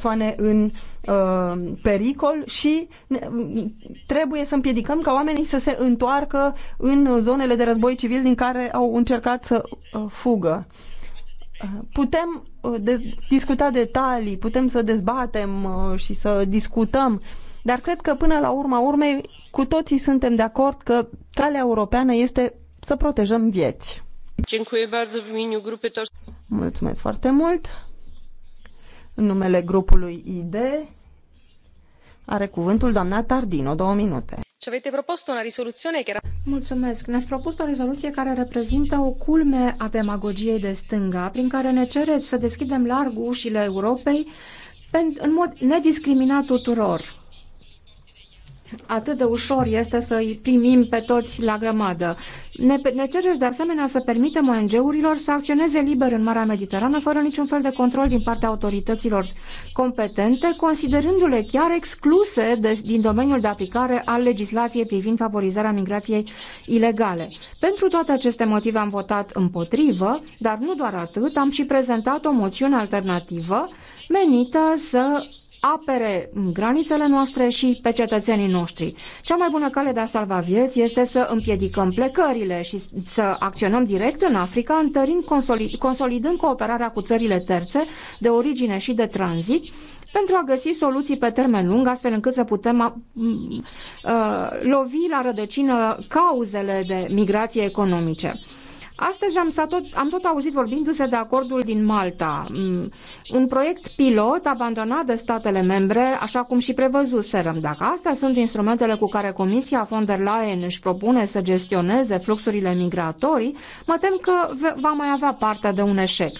persoane în uh, pericol și ne, mm, trebuie să împiedicăm ca oamenii să se întoarcă în zonele de război civil din care au încercat să uh, fugă. Uh, putem uh, de discuta detalii, putem să dezbatem uh, și să discutăm, dar cred că până la urma urmei cu toții suntem de acord că calea europeană este să protejăm vieți. Mulțumesc foarte mult! În numele grupului ID are cuvântul doamna Tardino, două minute. Ci avete propus una risoluzione care Mulțumesc. Ne-ați propus o rezoluție care reprezintă o culme a demagogiei de stânga, prin care ne cereți să deschidem larg ușile Europei în mod nediscriminat tuturor atât de ușor este să îi primim pe toți la grămadă. Ne, ne cereți de asemenea să permitem ONG-urilor să acționeze liber în Marea Mediterană fără niciun fel de control din partea autorităților competente, considerându-le chiar excluse de, din domeniul de aplicare al legislației privind favorizarea migrației ilegale. Pentru toate aceste motive am votat împotrivă, dar nu doar atât, am și prezentat o moțiune alternativă menită să apere granițele noastre și pe cetățenii noștri. Cea mai bună cale de a salva vieți este să împiedicăm plecările și să acționăm direct în Africa, întărind, consolidând cooperarea cu țările terțe de origine și de tranzit, pentru a găsi soluții pe termen lung, astfel încât să putem a, uh, a, lovi la rădăcină cauzele de migrație economice. Astăzi am, tot, am tot auzit vorbindu-se de acordul din Malta, mm, un proiect pilot abandonat de statele membre, așa cum și prevăzuserăm. Dacă astea sunt instrumentele cu care Comisia von der Leyen își propune să gestioneze fluxurile migratorii, mă tem că va mai avea parte de un eșec.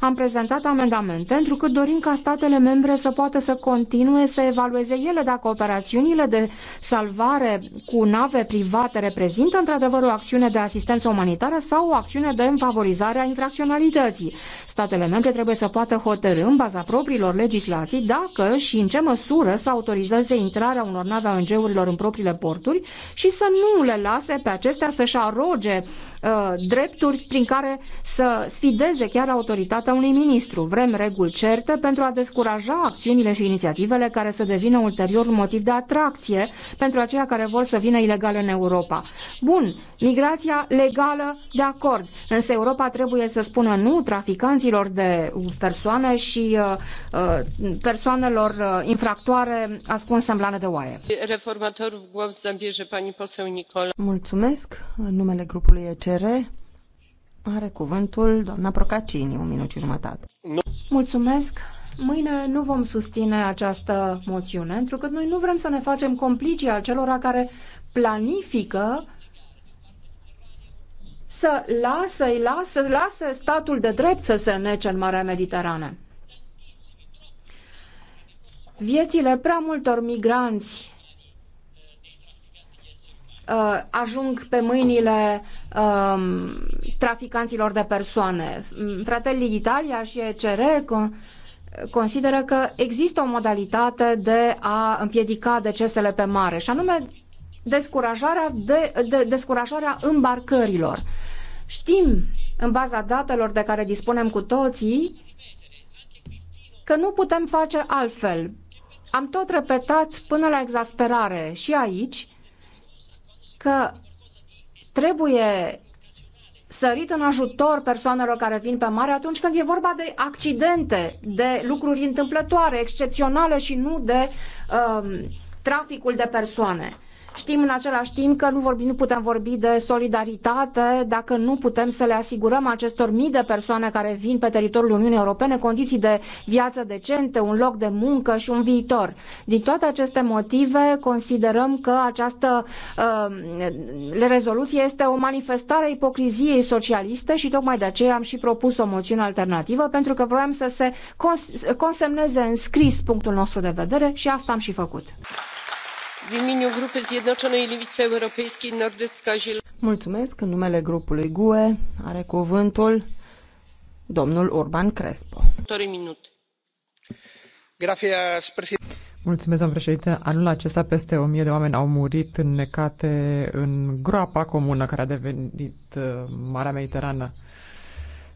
Am prezentat amendamente pentru că dorim ca statele membre să poată să continue să evalueze ele dacă operațiunile de salvare cu nave private reprezintă într-adevăr o acțiune de asistență umanitară sau o acțiune de favorizare a infracționalității. Statele membre trebuie să poată hotărâ în baza propriilor legislații dacă și în ce măsură să autorizeze intrarea unor nave a ONG-urilor în propriile porturi și să nu le lase pe acestea să-și aroge Uh, drepturi prin care să sfideze chiar autoritatea unui ministru. Vrem reguli certe pentru a descuraja acțiunile și inițiativele care să devină ulterior un motiv de atracție pentru aceia care vor să vină ilegal în Europa. Bun, migrația legală de acord, însă Europa trebuie să spună nu traficanților de persoane și uh, uh persoanelor uh, infractoare ascunse în blană de oaie. Reformatorul głos zambie, pani poseł Nicola. Mulțumesc. În numele grupului ECR ECR are cuvântul doamna Procacini, un minut și jumătate. Mulțumesc! Mâine nu vom susține această moțiune, pentru că noi nu vrem să ne facem complicii al celora care planifică să lasă, lasă, lasă statul de drept să se nece în Marea Mediterană. Viețile prea multor migranți uh, ajung pe mâinile um, traficanților de persoane. Fratelli Italia și ECR consideră că există o modalitate de a împiedica decesele pe mare, și anume descurajarea, de, de, descurajarea îmbarcărilor. Știm, în baza datelor de care dispunem cu toții, că nu putem face altfel. Am tot repetat până la exasperare și aici că Trebuie sărit în ajutor persoanelor care vin pe mare atunci când e vorba de accidente, de lucruri întâmplătoare, excepționale și nu de um, traficul de persoane. Știm în același timp că nu, vorbim, nu putem vorbi de solidaritate dacă nu putem să le asigurăm acestor mii de persoane care vin pe teritoriul Uniunii Europene condiții de viață decente, un loc de muncă și un viitor. Din toate aceste motive, considerăm că această uh, rezoluție este o manifestare a ipocriziei socialiste și tocmai de aceea am și propus o moțiune alternativă pentru că vroiam să se cons- consemneze în scris punctul nostru de vedere și asta am și făcut. Mulțumesc. În numele grupului GUE are cuvântul domnul Urban Crespo. Mulțumesc, doamnă președinte. Anul acesta peste o mie de oameni au murit înnecate în groapa comună care a devenit uh, Marea Mediterană.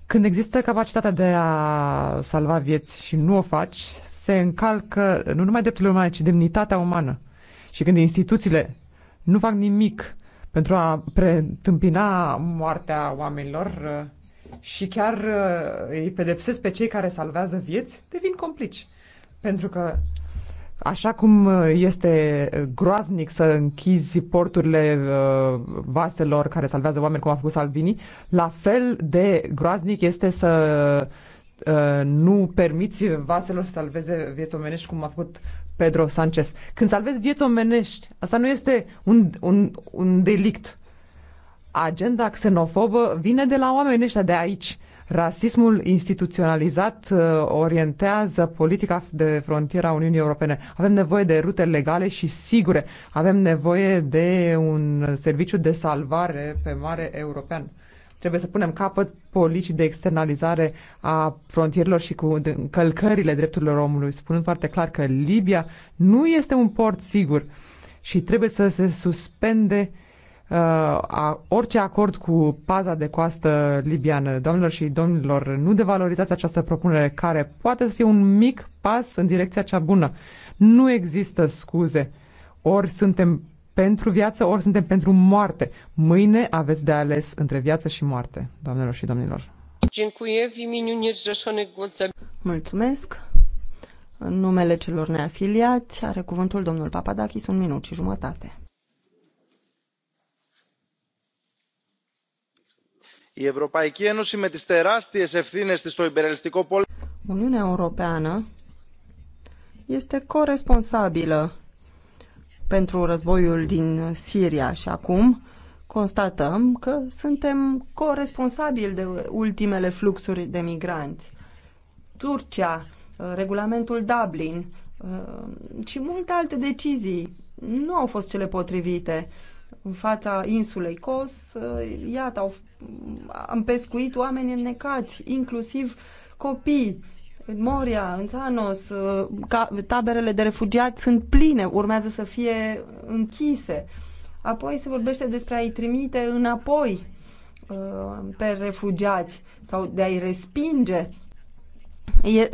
Când există capacitatea de a salva vieți și nu o faci, se încalcă nu numai drepturile umane, ci demnitatea umană și când instituțiile nu fac nimic pentru a preîntâmpina moartea oamenilor uh, și chiar uh, îi pedepsesc pe cei care salvează vieți, devin complici. Pentru că Așa cum uh, este groaznic să închizi porturile vaselor care salvează oameni, cum a făcut Salvini, la fel de groaznic este să nu permiți vaselor să salveze vieți omenești, cum a făcut Pedro Sanchez. Când salvezi vieți omenești, asta nu este un, un, un delict. Agenda xenofobă vine de la oamenii ăștia de aici. Rasismul instituționalizat uh, orientează politica de frontieră a Uniunii Europene. Avem nevoie de rute legale și sigure. Avem nevoie de un serviciu de salvare pe mare european. Trebuie să punem capăt politicii de externalizare a frontierilor și cu încălcările drepturilor omului, spunând foarte clar că Libia nu este un port sigur și trebuie să se suspende uh, a, orice acord cu paza de coastă libiană. domnilor și domnilor, nu devalorizați această propunere care poate să fie un mic pas în direcția cea bună. Nu există scuze. Ori suntem pentru viață, ori suntem pentru moarte. Mâine aveți de ales între viață și moarte, doamnelor și domnilor. Mulțumesc. În numele celor neafiliați are cuvântul domnul Papadakis un minut și jumătate. Uniunea Europeană este corresponsabilă pentru războiul din Siria și acum constatăm că suntem corresponsabili de ultimele fluxuri de migranți. Turcia, uh, regulamentul Dublin uh, și multe alte decizii nu au fost cele potrivite. În fața insulei Kos, uh, iată, au, am pescuit oameni înnecați, inclusiv copii în Moria, în Țanos, uh, taberele de refugiați sunt pline, urmează să fie închise. Apoi se vorbește despre a-i trimite înapoi uh, pe refugiați sau de a-i respinge.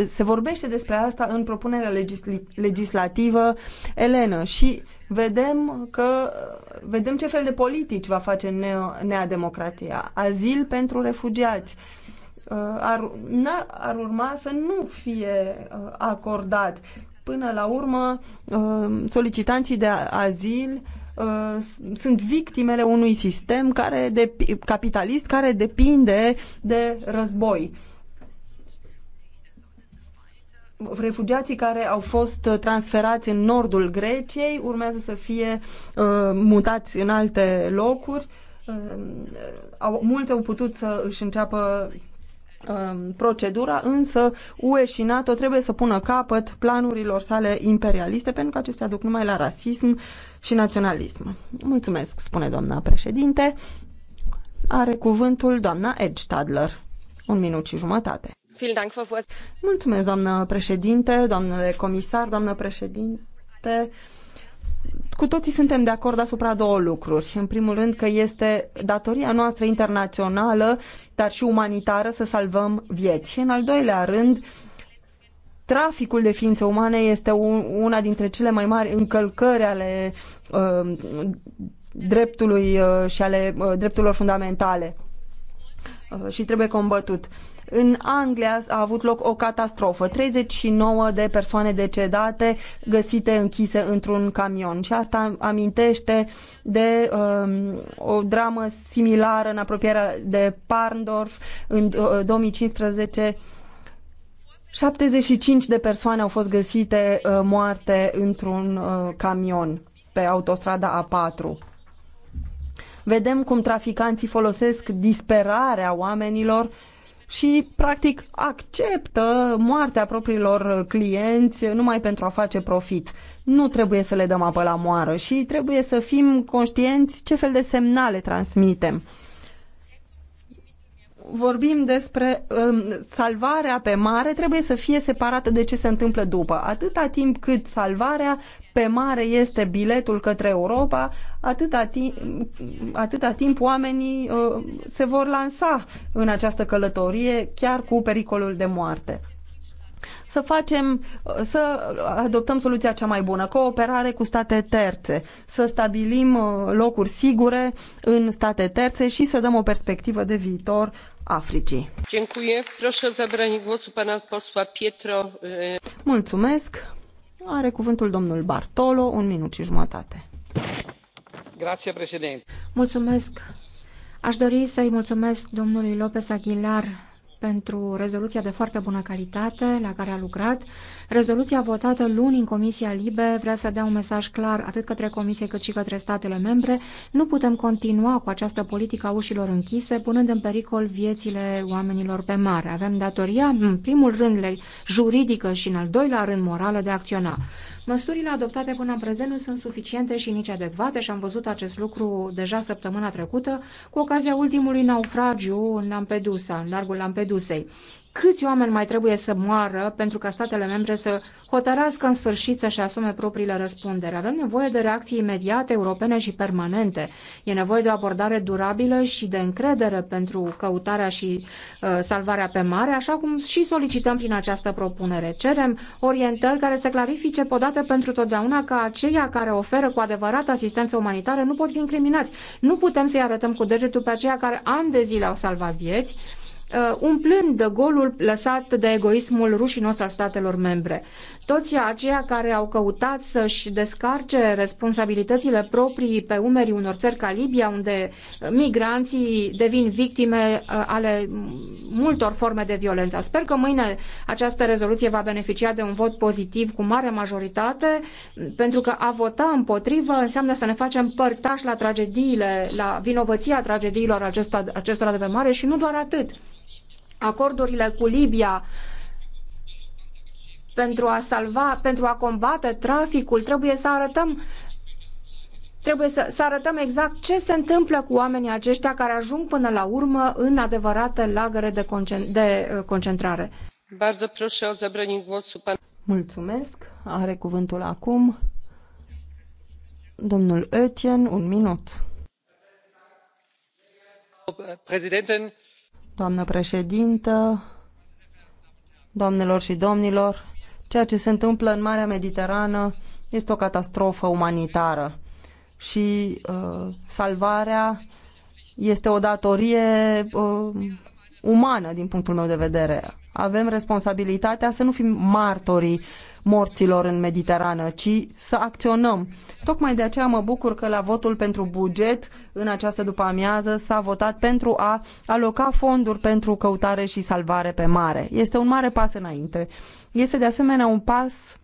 se vorbește despre asta în propunerea legisl- legislativă Elena. și vedem că uh, vedem ce fel de politici va face neo, nea democrația. Azil pentru refugiați. Uh, Uh, ar, ar urma să nu fie uh, acordat. Până la urmă, uh, solicitanții de azil sunt victimele unui sistem care de, capitalist care depinde de război refugiații care au fost transferați în nordul Greciei urmează să fie uh, mutați în alte locuri. Uh, au, mulți au putut să își înceapă Um, procedura, însă UE și NATO trebuie să pună capăt planurilor sale imperialiste, pentru că acestea duc numai la rasism și naționalism. Mulțumesc, spune doamna președinte. Are cuvântul doamna Edge Tadler. Un minut și jumătate. Mulțumesc, doamnă președinte, doamnele comisar, doamnă președinte cu toții suntem de acord asupra două lucruri. În primul rând că este datoria noastră internațională, dar și umanitară să salvăm vieți. Și în al doilea rând, traficul de ființe umane este una dintre cele mai mari încălcări ale uh, dreptului uh, și ale uh, drepturilor fundamentale. Uh, și trebuie combătut. În Anglia a avut loc o catastrofă, 39 de persoane decedate găsite închise într-un camion și asta amintește de um, o dramă similară în apropierea de Parndorf în uh, 2015 75 de persoane au fost găsite uh, moarte într-un uh, camion pe autostrada A4 Vedem cum traficanții folosesc disperarea oamenilor și, practic, acceptă moartea propriilor clienți numai pentru a face profit. Nu trebuie să le dăm apă la moară și trebuie să fim conștienți ce fel de semnale transmitem vorbim despre um, salvarea pe mare trebuie să fie separată de ce se întâmplă după. Atâta timp cât salvarea pe mare este biletul către Europa, atâta timp, atâta timp oamenii uh, se vor lansa în această călătorie, chiar cu pericolul de moarte. Să facem, uh, să adoptăm soluția cea mai bună, cooperare cu state terțe, să stabilim uh, locuri sigure în state terțe și să dăm o perspectivă de viitor Africii. Mulțumesc. Are cuvântul domnul Bartolo, un minut și jumătate. Grazie, președinte. Mulțumesc. Aș dori să-i mulțumesc domnului Lopez Aguilar pentru rezoluția de foarte bună calitate la care a lucrat. Rezoluția votată luni în Comisia Libe vrea să dea un mesaj clar atât către Comisie cât și către statele membre. Nu putem continua cu această politică a ușilor închise, punând în pericol viețile oamenilor pe mare. Avem datoria, în primul rând, juridică și în al doilea rând morală de a acționa. Măsurile adoptate până în prezent nu sunt suficiente și nici adecvate și am văzut acest lucru deja săptămâna trecută cu ocazia ultimului naufragiu în Lampedusa, în largul Lampedusei câți oameni mai trebuie să moară pentru ca statele membre să hotărască în sfârșit să-și asume propriile răspundere. Avem nevoie de reacții imediate, europene și permanente. E nevoie de o abordare durabilă și de încredere pentru căutarea și uh, salvarea pe mare, așa cum și solicităm prin această propunere. Cerem orientări care să clarifice podată pentru totdeauna că aceia care oferă cu adevărat asistență umanitară nu pot fi incriminați. Nu putem să-i arătăm cu degetul pe aceia care ani de zile au salvat vieți, Uh, umplând golul lăsat de egoismul rușinos al statelor membre. Toți aceia care au căutat să-și descarce responsabilitățile proprii pe umerii unor țări ca Libia, unde migranții devin victime uh, ale multor forme de violență. Sper că mâine această rezoluție va beneficia de un vot pozitiv cu mare majoritate, pentru că a vota împotrivă înseamnă să ne facem părtași la tragediile, la vinovăția tragediilor acestora de pe mare și nu doar atât acordurile cu Libia pentru a salva, pentru a combate traficul, trebuie să arătăm trebuie să, să arătăm exact ce se întâmplă cu oamenii aceștia care ajung până la urmă în adevărate lagăre de, concent- de uh, concentrare. Mulțumesc. Are cuvântul acum domnul Oetjen, un minut. Președinte, Doamnă președintă, doamnelor și domnilor, ceea ce se întâmplă în Marea Mediterană este o catastrofă umanitară și uh, salvarea este o datorie uh, umană din punctul meu de vedere. Avem responsabilitatea să nu fim martorii uh, morților în Mediterană, ci să acționăm. Tocmai de aceea mă bucur că la votul pentru buget în această după-amiază s-a votat pentru a aloca fonduri pentru căutare și salvare pe mare. Este un mare pas înainte. Este de asemenea un pas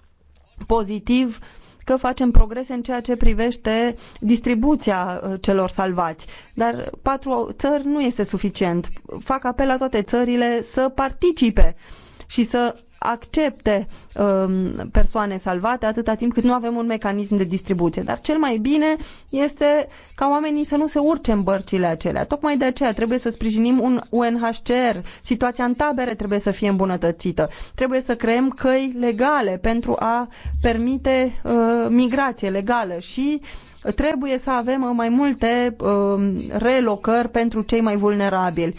pozitiv că facem progrese în ceea ce privește distribuția uh, celor salvați. Dar patru țări nu este suficient. Fac apel la toate țările să participe și să accepte um, persoane salvate atâta timp cât nu avem un mecanism de distribuție. Dar cel mai bine este ca oamenii să nu se urce în bărcile acelea. Tocmai de aceea trebuie să sprijinim un UNHCR. Situația în tabere trebuie să fie îmbunătățită. Trebuie să creăm căi legale pentru a permite uh, migrație legală și trebuie să avem mai multe uh, relocări pentru cei mai vulnerabili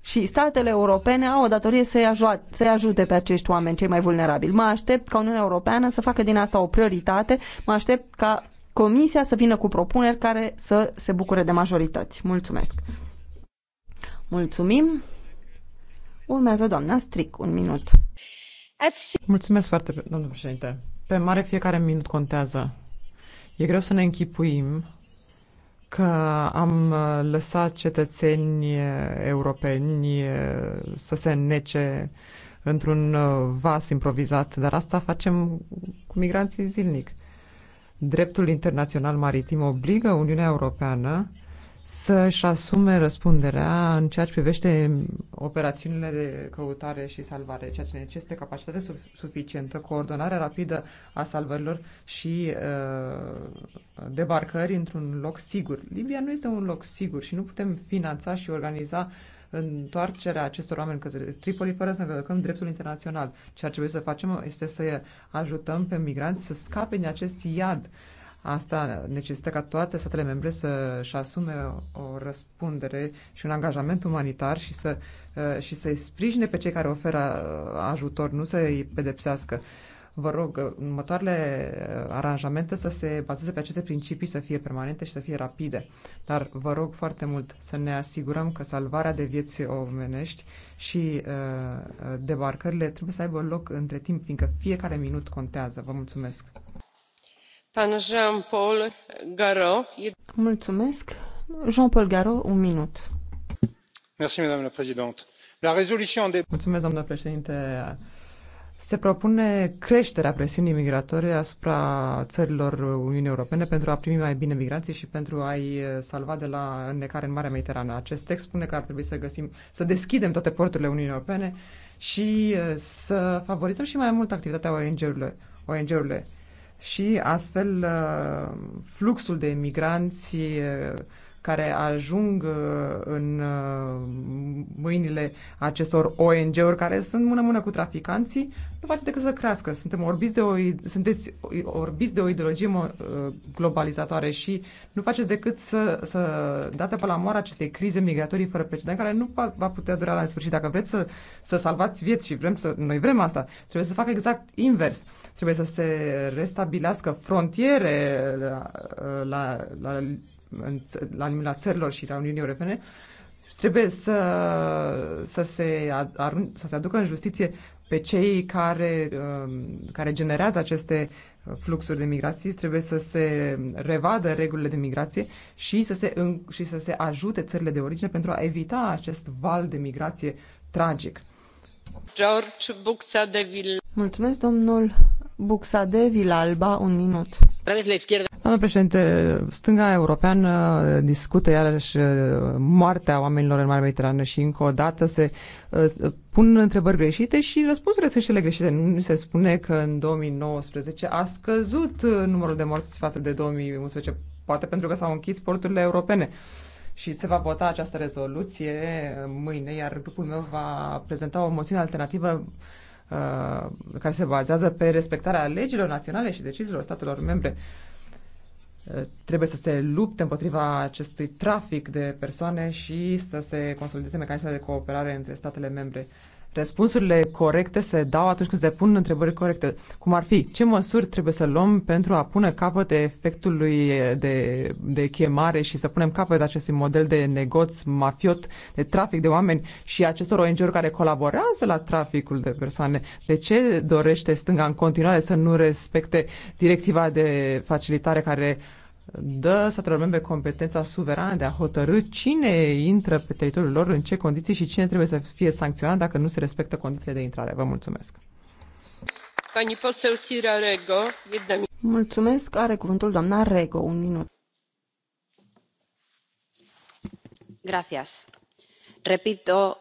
și statele europene au o datorie să-i ajute, să ajute pe acești oameni cei mai vulnerabili. Mă aștept ca Uniunea Europeană să facă din asta o prioritate, mă aștept ca Comisia să vină cu propuneri care să se bucure de majorități. Mulțumesc! Mulțumim! Urmează doamna Stric, un minut. Mulțumesc foarte, doamnă președinte. Pe mare fiecare minut contează. E greu să ne închipuim că am uh, lăsat cetățeni uh, europeni uh, să se nece într-un vas improvizat, dar asta facem cu migranții zilnic. Dreptul internațional maritim obligă Uniunea Europeană să-și asume răspunderea în ceea ce privește operațiunile de căutare și salvare, ceea ce necesită capacitate suficientă, coordonare rapidă a salvărilor și uh, debarcări într-un loc sigur. Libia nu este un loc sigur și nu putem finanța și organiza întoarcerea acestor oameni către Tripoli fără să încălcăm dreptul internațional. Ceea ce trebuie să facem este să ajutăm pe migranți să scape din acest iad uh, Asta necesită ca toate statele membre să-și asume o răspundere și un angajament umanitar și, să, uh, și să-i sprijine pe cei care oferă uh, ajutor, nu să-i pedepsească. Vă rog, uh, următoarele aranjamente să se bazeze pe aceste principii, să fie permanente și să fie rapide. Dar vă rog foarte mult să ne asigurăm că salvarea de vieți omenești și uh, debarcările trebuie să aibă loc între timp, fiindcă fiecare minut contează. Vă mulțumesc! Jean Paul Jean Paul minut. doamnă președintă. La Mulțumesc, președinte. Se propune creșterea presiunii migratorii asupra țărilor Uniunii Europene pentru a primi mai bine migranții și pentru a-i salva de la înnecare în Marea Mediterană. Acest text spune că ar trebui să găsim, să deschidem toate porturile Uniunii Europene și să favorizăm și mai mult activitatea ONG-urilor. ONG-urile și astfel uh, fluxul de migranți uh, care ajung uh, în uh, mâinile acestor ONG-uri care sunt mână-mână cu traficanții, nu face decât să crească. Suntem orbiți de o, sunteți orbiți de o ideologie uh, globalizatoare și nu faceți decât să, să dați apă la moară acestei crize migratorii fără precedent, care nu va, va putea dura la sfârșit. Dacă vreți să, să salvați vieți și vrem să, noi vrem asta, trebuie să facă exact invers. Trebuie să se restabilească frontiere la, la, la la nivelul țărilor și la Uniunii Europene, trebuie să, să, se, arun, să se aducă în justiție pe cei care, um, care generează aceste fluxuri de migrații, trebuie să se revadă regulile de migrație și să se, și să se ajute țările de origine pentru a evita acest val de migrație tragic. George Buxadevil. Mulțumesc, domnul Buxadevil Alba, un minut. Doamnă președinte, stânga europeană discută iarăși uh, moartea oamenilor în Marea Mediterană și încă o dată se uh, pun întrebări greșite și răspunsurile sunt cele greșite. Nu se spune că în 2019 a scăzut uh, numărul de morți față de 2011, poate pentru că s-au închis porturile europene. Și se va vota această rezoluție mâine, iar grupul meu va prezenta o moțiune alternativă Uh, care se bazează pe respectarea legilor naționale și deciziilor statelor membre. Uh, trebuie să se lupte împotriva acestui trafic de persoane și să se consolideze mecanismele de cooperare între statele membre. Răspunsurile corecte se dau atunci când se pun întrebări corecte, cum ar fi ce măsuri trebuie să luăm pentru a pune capăt efectului de, de chemare și să punem capăt acestui model de negoț mafiot, de trafic de oameni și acestor ONG-uri care colaborează la traficul de persoane. De ce dorește stânga în continuare să nu respecte directiva de facilitare care uh, dă statelor membre competența suverană de a hotărâ cine intră pe teritoriul lor, în ce condiții și cine trebuie să fie sancționat dacă nu se respectă condițiile de intrare. Vă mulțumesc. Mulțumesc. Are cuvântul doamna Rego. Un minut. Gracias. Repito.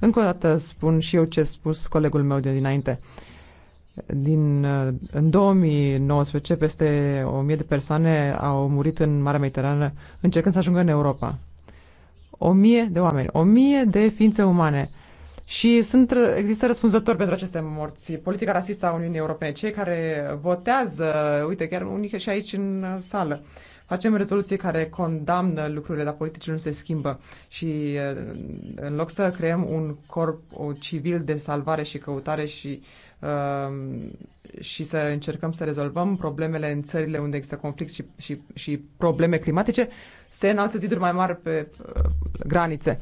Încă o dată spun și eu ce a spus colegul meu de dinainte. Uh, din, uh, în 2019, peste 1000 de persoane au murit în Marea Mediterană încercând să ajungă în Europa. 1000 de oameni, 1000 de ființe umane. Și sunt, există răspunzători pentru aceste morți. Politica rasistă a Uniunii Europene, cei care votează, uite, chiar unii și aici în sală, facem rezoluții care condamnă lucrurile, dar politicile nu se schimbă. Și uh, în loc să creăm un corp o civil de salvare și căutare și Um, și să încercăm să rezolvăm problemele în țările unde există conflict și, și, și probleme climatice, se înalță ziduri mai mari pe uh, granițe.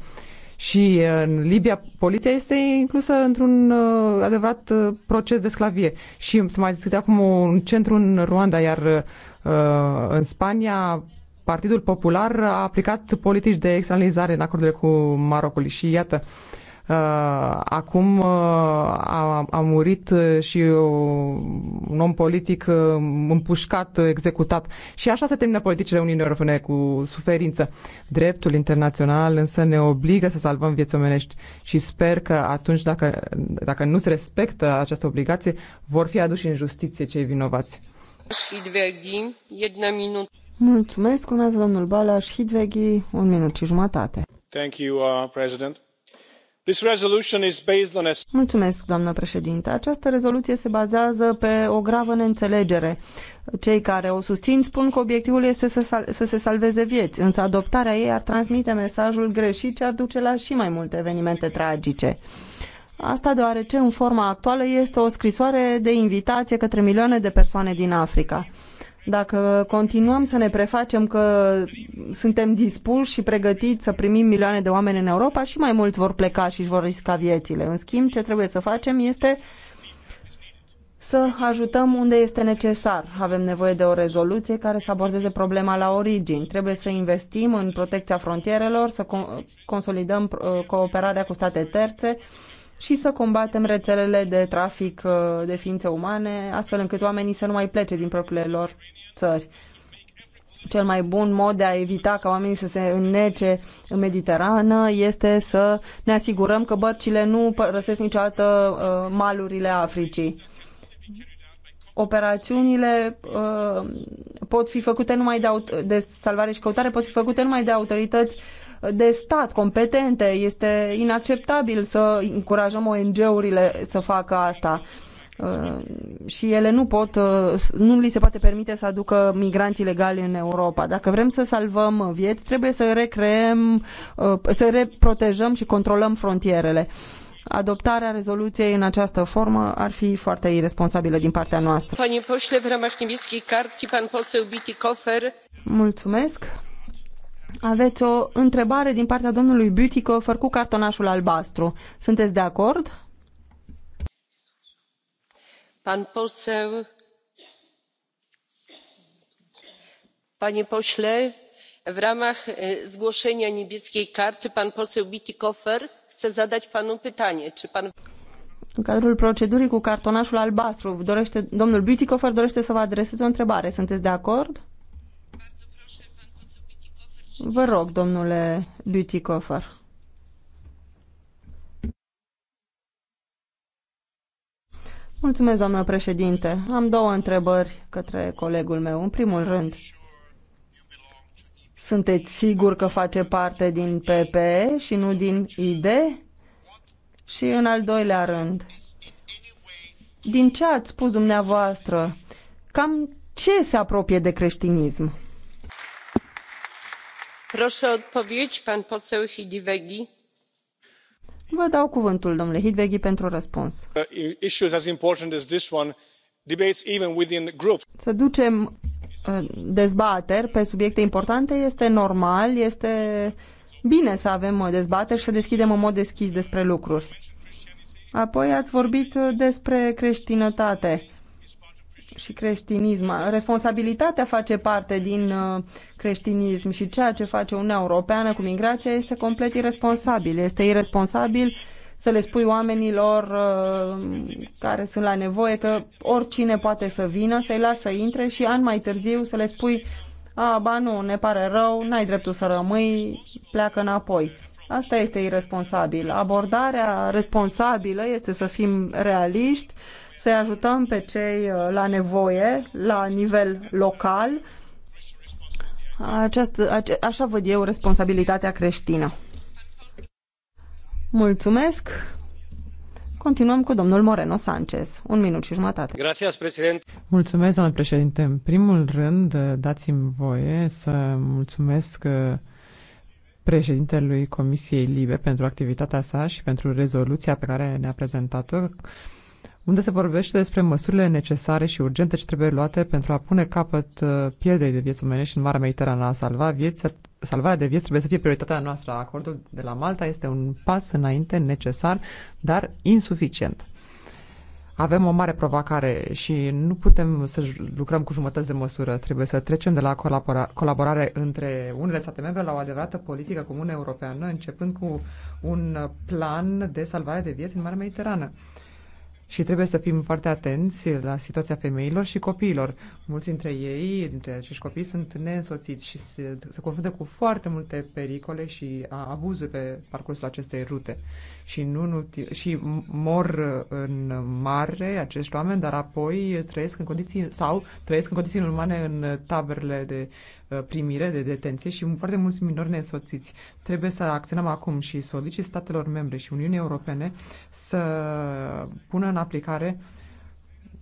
Și uh, în Libia poliția este inclusă într-un uh, adevărat proces de sclavie. Și se mai discute acum un centru în Rwanda, iar în Spania Partidul Popular a aplicat politici de externalizare în acordurile cu Marocul. Și iată, uh, Uh, acum uh, a, a murit uh, și un om politic împușcat, executat. Și așa se termină politicile Uniunii Europene cu suferință. Dreptul internațional însă ne obligă să salvăm vieți omenești și sper că atunci dacă, dacă nu se respectă această obligație, vor fi aduși în justiție cei vinovați. Mulțumesc, urmează domnul Balas Hidvegi, un minut și jumătate. Thank you, uh, President. Mulțumesc, doamnă președintă. Această rezoluție se bazează pe o gravă neînțelegere. Cei care o susțin spun că obiectivul este să, sal- să se salveze vieți, însă adoptarea ei ar transmite mesajul greșit ce ar duce la și mai multe evenimente tragice. Asta deoarece în forma actuală este o scrisoare de invitație către milioane de persoane din Africa dacă continuăm să ne prefacem că suntem dispuși și pregătiți să primim milioane de oameni în Europa și mai mulți vor pleca și își vor risca viețile. În schimb, ce trebuie să facem este să ajutăm unde este necesar. Avem nevoie de o rezoluție care să abordeze problema la origini. Trebuie să investim în protecția frontierelor, să consolidăm uh, cooperarea cu state terțe, și să combatem rețelele de trafic uh, de ființe umane, astfel încât oamenii să nu mai plece din propriile lor țări. Cel mai bun mod de a evita ca oamenii să se înnece în Mediterană este să ne asigurăm că bărcile nu părăsesc niciodată uh, malurile Africii operațiunile uh, pot fi făcute numai de, de salvare și căutare pot fi făcute numai de autorități de stat competente. Este inacceptabil să încurajăm ONG-urile să facă asta. Uh, și ele nu pot, uh, nu li se poate permite să aducă migranți ilegali în Europa. Dacă vrem să salvăm vieți, trebuie să recreăm, uh, să reprotejăm și controlăm frontierele adoptarea rezoluției în această formă ar fi foarte irresponsabilă din partea noastră. Mulțumesc. Aveți o întrebare din partea domnului Butikofer cu cartonașul albastru. Sunteți de acord? Pan poseł... Panie pośle, w ramach zgłoszenia niebieskiej karty pan poseł Bitikofer chce zadać panu pytanie. Czy pan... În cadrul procedurii cu cartonașul albastru, dorește, domnul Bitikofer dorește să vă adreseze o întrebare. Sunteți de acord? Vă rog, domnule Butikofer. Mulțumesc, doamnă președinte. Am două întrebări către colegul meu. În primul rând, sunteți sigur că face parte din PPE și nu din ID? Și în al doilea rând, din ce ați spus dumneavoastră, cam ce se apropie de creștinism? pentru răspuns. să ducem uh, dezbateri pe subiecte importante este normal este bine să avem uh, dezbateri și să deschidem în mod deschis despre lucruri. apoi ați vorbit uh, despre creștinătate și creștinism. Responsabilitatea face parte din uh, creștinism și ceea ce face Uniunea Europeană cu migrația este complet irresponsabil. Este irresponsabil să le spui oamenilor uh, care sunt la nevoie că oricine poate să vină, să-i lași să intre și an mai târziu să le spui a, ba nu, ne pare rău, n-ai dreptul să rămâi, pleacă înapoi. Asta este irresponsabil. Abordarea responsabilă este să fim realiști, să-i ajutăm pe cei uh, la nevoie, la nivel local. Această, ace, așa văd eu responsabilitatea creștină. Mulțumesc. Continuăm cu domnul Moreno Sanchez. Un minut și jumătate. Gracias, president. Mulțumesc, domnule președinte. În primul rând, dați-mi voie să mulțumesc uh, președintelui Comisiei Libe pentru activitatea sa și pentru rezoluția pe care ne-a prezentat-o unde se vorbește despre măsurile necesare și urgente ce trebuie luate pentru a pune capăt uh, pierderii de vieți omenești în Marea Mediterană. A salva vieți, salvarea de vieți trebuie să fie prioritatea noastră. Acordul de la Malta este un pas înainte necesar, dar insuficient. Avem o mare provocare și nu putem să lucrăm cu jumătăți de măsură. Trebuie să trecem de la colabora- colaborare între unele state membre la o adevărată politică comună europeană, începând cu un plan de salvare de vieți în Marea Mediterană. Uh, și trebuie să fim foarte atenți la situația femeilor și copiilor. Mulți dintre ei, dintre acești copii, sunt neînsoțiți și se, se confruntă cu foarte multe pericole și abuzuri pe parcursul acestei rute. Și, nu, și mor în mare acești oameni, dar apoi trăiesc în condiții sau trăiesc în condiții umane în taberele de uh, primire, de detenție și foarte mulți minori neînsoțiți. Trebuie să acționăm acum și solicit statelor membre și Uniunii Europene să pună în aplicare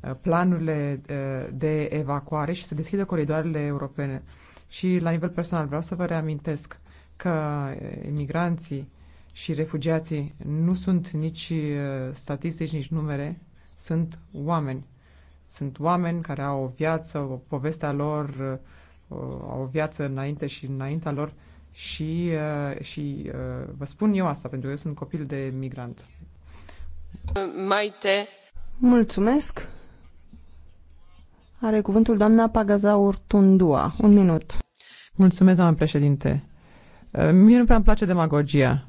uh, planurile uh, de evacuare și să deschidă coridoarele europene. Și la nivel personal vreau să vă reamintesc că uh, imigranții și refugiații nu sunt nici statistici, nici numere, sunt oameni. Sunt oameni care au o viață, o povestea lor, au o viață înainte și înaintea lor și, și vă spun eu asta pentru că eu sunt copil de migrant doamnă Mulțumesc. Are cuvântul Un minut. Mulțumesc, președinte. Uh, mie nu prea îmi place demagogia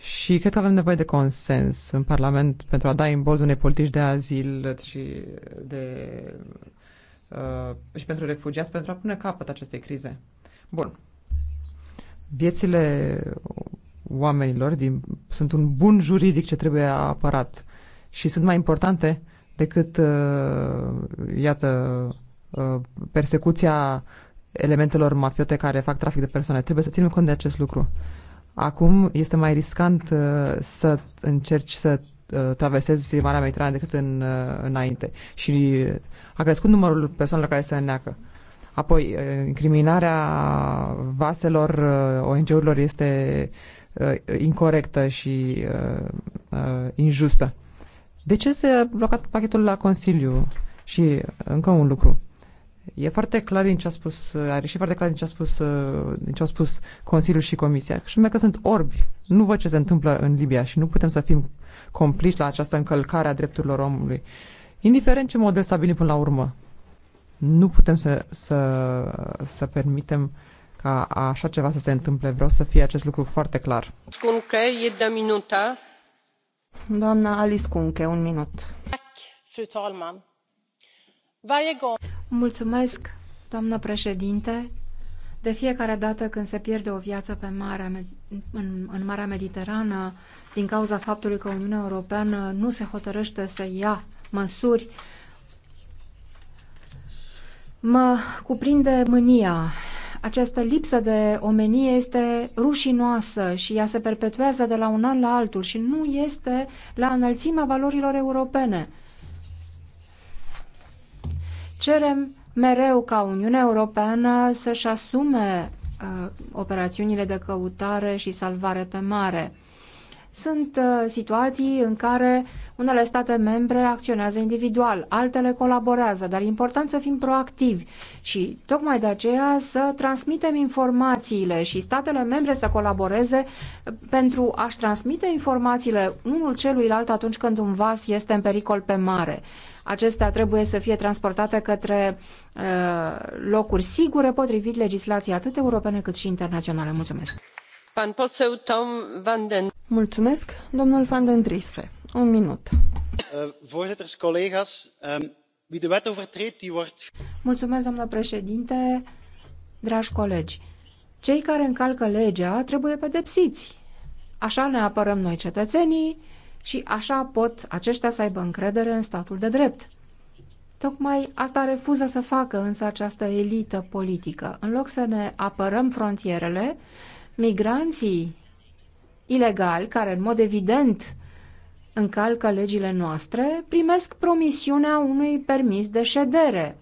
și cred că avem nevoie de consens în Parlament pentru a da imbold unei politici de azil și de uh, și pentru refugiați pentru a pune capăt acestei crize. Bun. Viețile oamenilor din, sunt un bun juridic ce trebuie apărat și sunt mai importante decât, uh, iată, uh, persecuția elementelor mafiote care fac trafic de persoane. Trebuie să ținem cont de acest lucru. Acum este mai riscant uh, să încerci să uh, traversezi Marea Mediterană decât în, uh, înainte. Și a crescut numărul persoanelor care se înneacă. Apoi, uh, incriminarea vaselor ONG-urilor este Uh, incorrectă și uh, uh, injustă. De ce s-a blocat pachetul la Consiliu? Și încă un lucru. E foarte clar din ce a spus, are și foarte clar din ce a spus, din ce a spus Consiliul și Comisia, și numai că sunt orbi. Nu văd ce se întâmplă în Libia și nu putem să fim complici la această încălcare a drepturilor omului. Indiferent ce model stabilim până la urmă, nu putem să, să, să permitem ca așa ceva să se întâmple. Vreau să fie acest lucru foarte clar. Scunche, e de minuta. Doamna Alice Cunche, un minut. Mulțumesc, doamnă președinte. De fiecare dată când se pierde o viață pe Marea, în, în Marea Mediterană, din cauza faptului că Uniunea Europeană nu se hotărăște să ia măsuri, mă cuprinde mânia această lipsă de omenie este rușinoasă și ea se perpetuează de la un an la altul și nu este la înălțimea valorilor europene. Cerem mereu ca Uniunea Europeană să-și asume uh, operațiunile de căutare și salvare pe mare. Sunt uh, situații în care unele state membre acționează individual, altele colaborează, dar e important să fim proactivi și tocmai de aceea să transmitem informațiile și statele membre să colaboreze pentru a-și transmite informațiile unul celuilalt atunci când un vas este în pericol pe mare acestea trebuie să fie transportate către uh, locuri sigure, potrivit legislației atât europene cât și internaționale. Mulțumesc! Mulțumesc, domnul minut. Eh, collega's, ehm, wie de wet overtreedt, die wordt... Mulțumesc, doamnă președinte, dragi colegi. Cei care încalcă legea trebuie pedepsiți. Așa ne apărăm noi cetățenii și așa pot aceștia să aibă încredere în statul de drept. Tocmai asta refuză să facă însă această elită politică. În loc să ne apărăm frontierele, migranții ilegali, care în mod evident încalcă legile noastre, primesc promisiunea unui permis de ședere.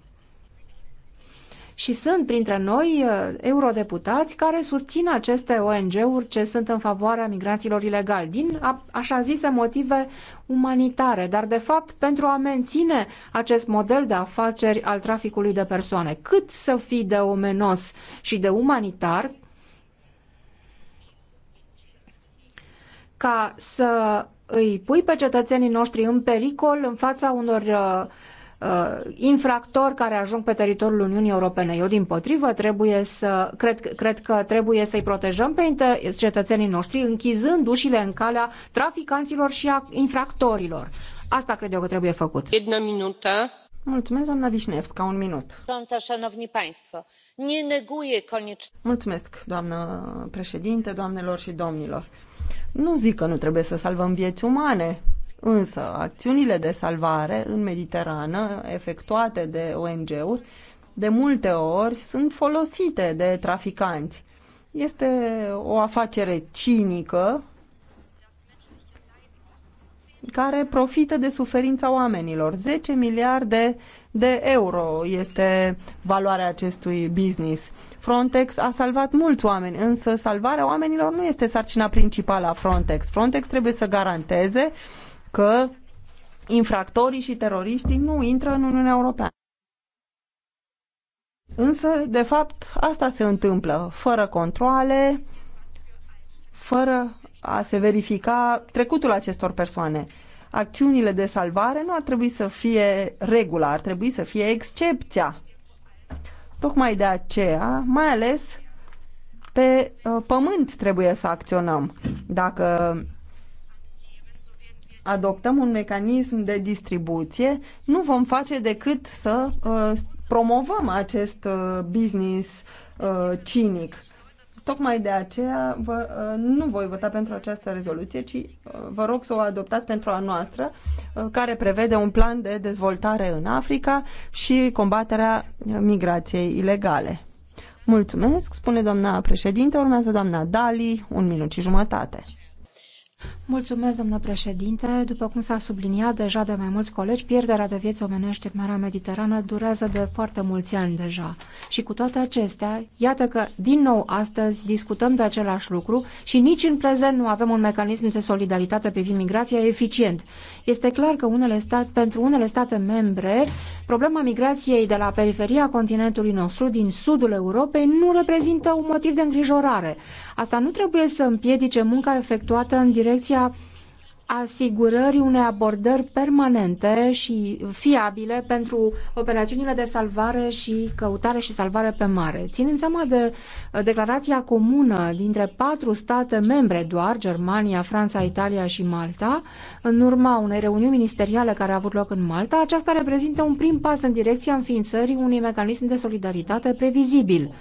Și sunt printre noi uh, eurodeputați care susțin aceste ONG-uri ce sunt în favoarea migranților ilegali, din așa zise motive umanitare, dar de fapt pentru a menține acest model de afaceri al traficului de persoane. Cât să fii de omenos și de umanitar ca să îi pui pe cetățenii noștri în pericol în fața unor uh, uh, infractori care ajung pe teritoriul Uniunii Europene. Eu, din potrivă, trebuie să, cred, cred că trebuie să-i protejăm pe cetățenii noștri, închizând ușile în calea traficanților și a infractorilor. Asta cred eu că trebuie făcut. Într-una minută. Mulțumesc, doamna Vișnevska, un minut. Mulțumesc, doamnă președinte, doamnelor și domnilor nu zic că nu trebuie să salvăm vieți umane, însă acțiunile de salvare în Mediterană, efectuate de ONG-uri, de multe ori sunt folosite de traficanți. Este o afacere cinică care profită de suferința oamenilor. 10 miliarde de euro este valoarea acestui business. Frontex a salvat mulți oameni, însă salvarea oamenilor nu este sarcina principală a Frontex. Frontex trebuie să garanteze că infractorii și teroriștii nu intră în Uniunea Europeană. Însă, de fapt, asta se întâmplă fără controle, fără a se verifica trecutul acestor persoane acțiunile de salvare nu ar trebui să fie regula, ar trebui să fie excepția. Tocmai de aceea, mai ales pe uh, pământ trebuie să acționăm. Dacă adoptăm un mecanism de distribuție, nu vom face decât să uh, promovăm acest uh, business cinic. Tocmai de aceea vă, uh, nu voi vota pentru această rezoluție, ci uh, vă rog să o adoptați pentru a noastră, uh, care prevede un plan de dezvoltare în Africa și combaterea migrației ilegale. Mulțumesc, spune doamna președinte, urmează doamna Dali, un minut și jumătate. Mulțumesc, domnule președinte. După cum s-a subliniat deja de mai mulți colegi, pierderea de vieți omenești în Marea Mediterană durează de foarte mulți ani deja. Și cu toate acestea, iată că din nou astăzi discutăm de același lucru și nici în prezent nu avem un mecanism de solidaritate privind migrația eficient. Este clar că unele stat, pentru unele state membre, problema migrației de la periferia continentului nostru, din sudul Europei, nu reprezintă un motiv de îngrijorare. Asta nu trebuie să împiedice munca efectuată în direcția asigurării unei abordări permanente și fiabile pentru operațiunile de salvare și căutare și salvare pe mare. Ținând seama de uh, declarația comună dintre patru state membre doar, Germania, Franța, Italia și Malta, în urma unei reuniuni ministeriale care a avut loc în Malta, aceasta reprezintă un prim pas în direcția înființării unui mecanism de solidaritate previzibil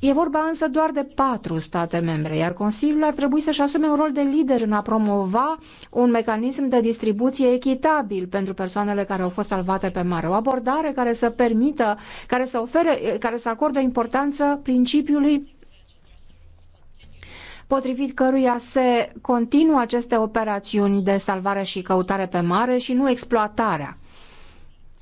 E vorba însă doar de patru state membre, iar Consiliul ar trebui să-și asume un rol de lider în a promova un mecanism de distribuție echitabil pentru persoanele care au fost salvate pe mare. O abordare care să permită, care să ofere, care să acorde importanță principiului potrivit căruia se continuă aceste operațiuni de salvare și căutare pe mare și nu exploatarea.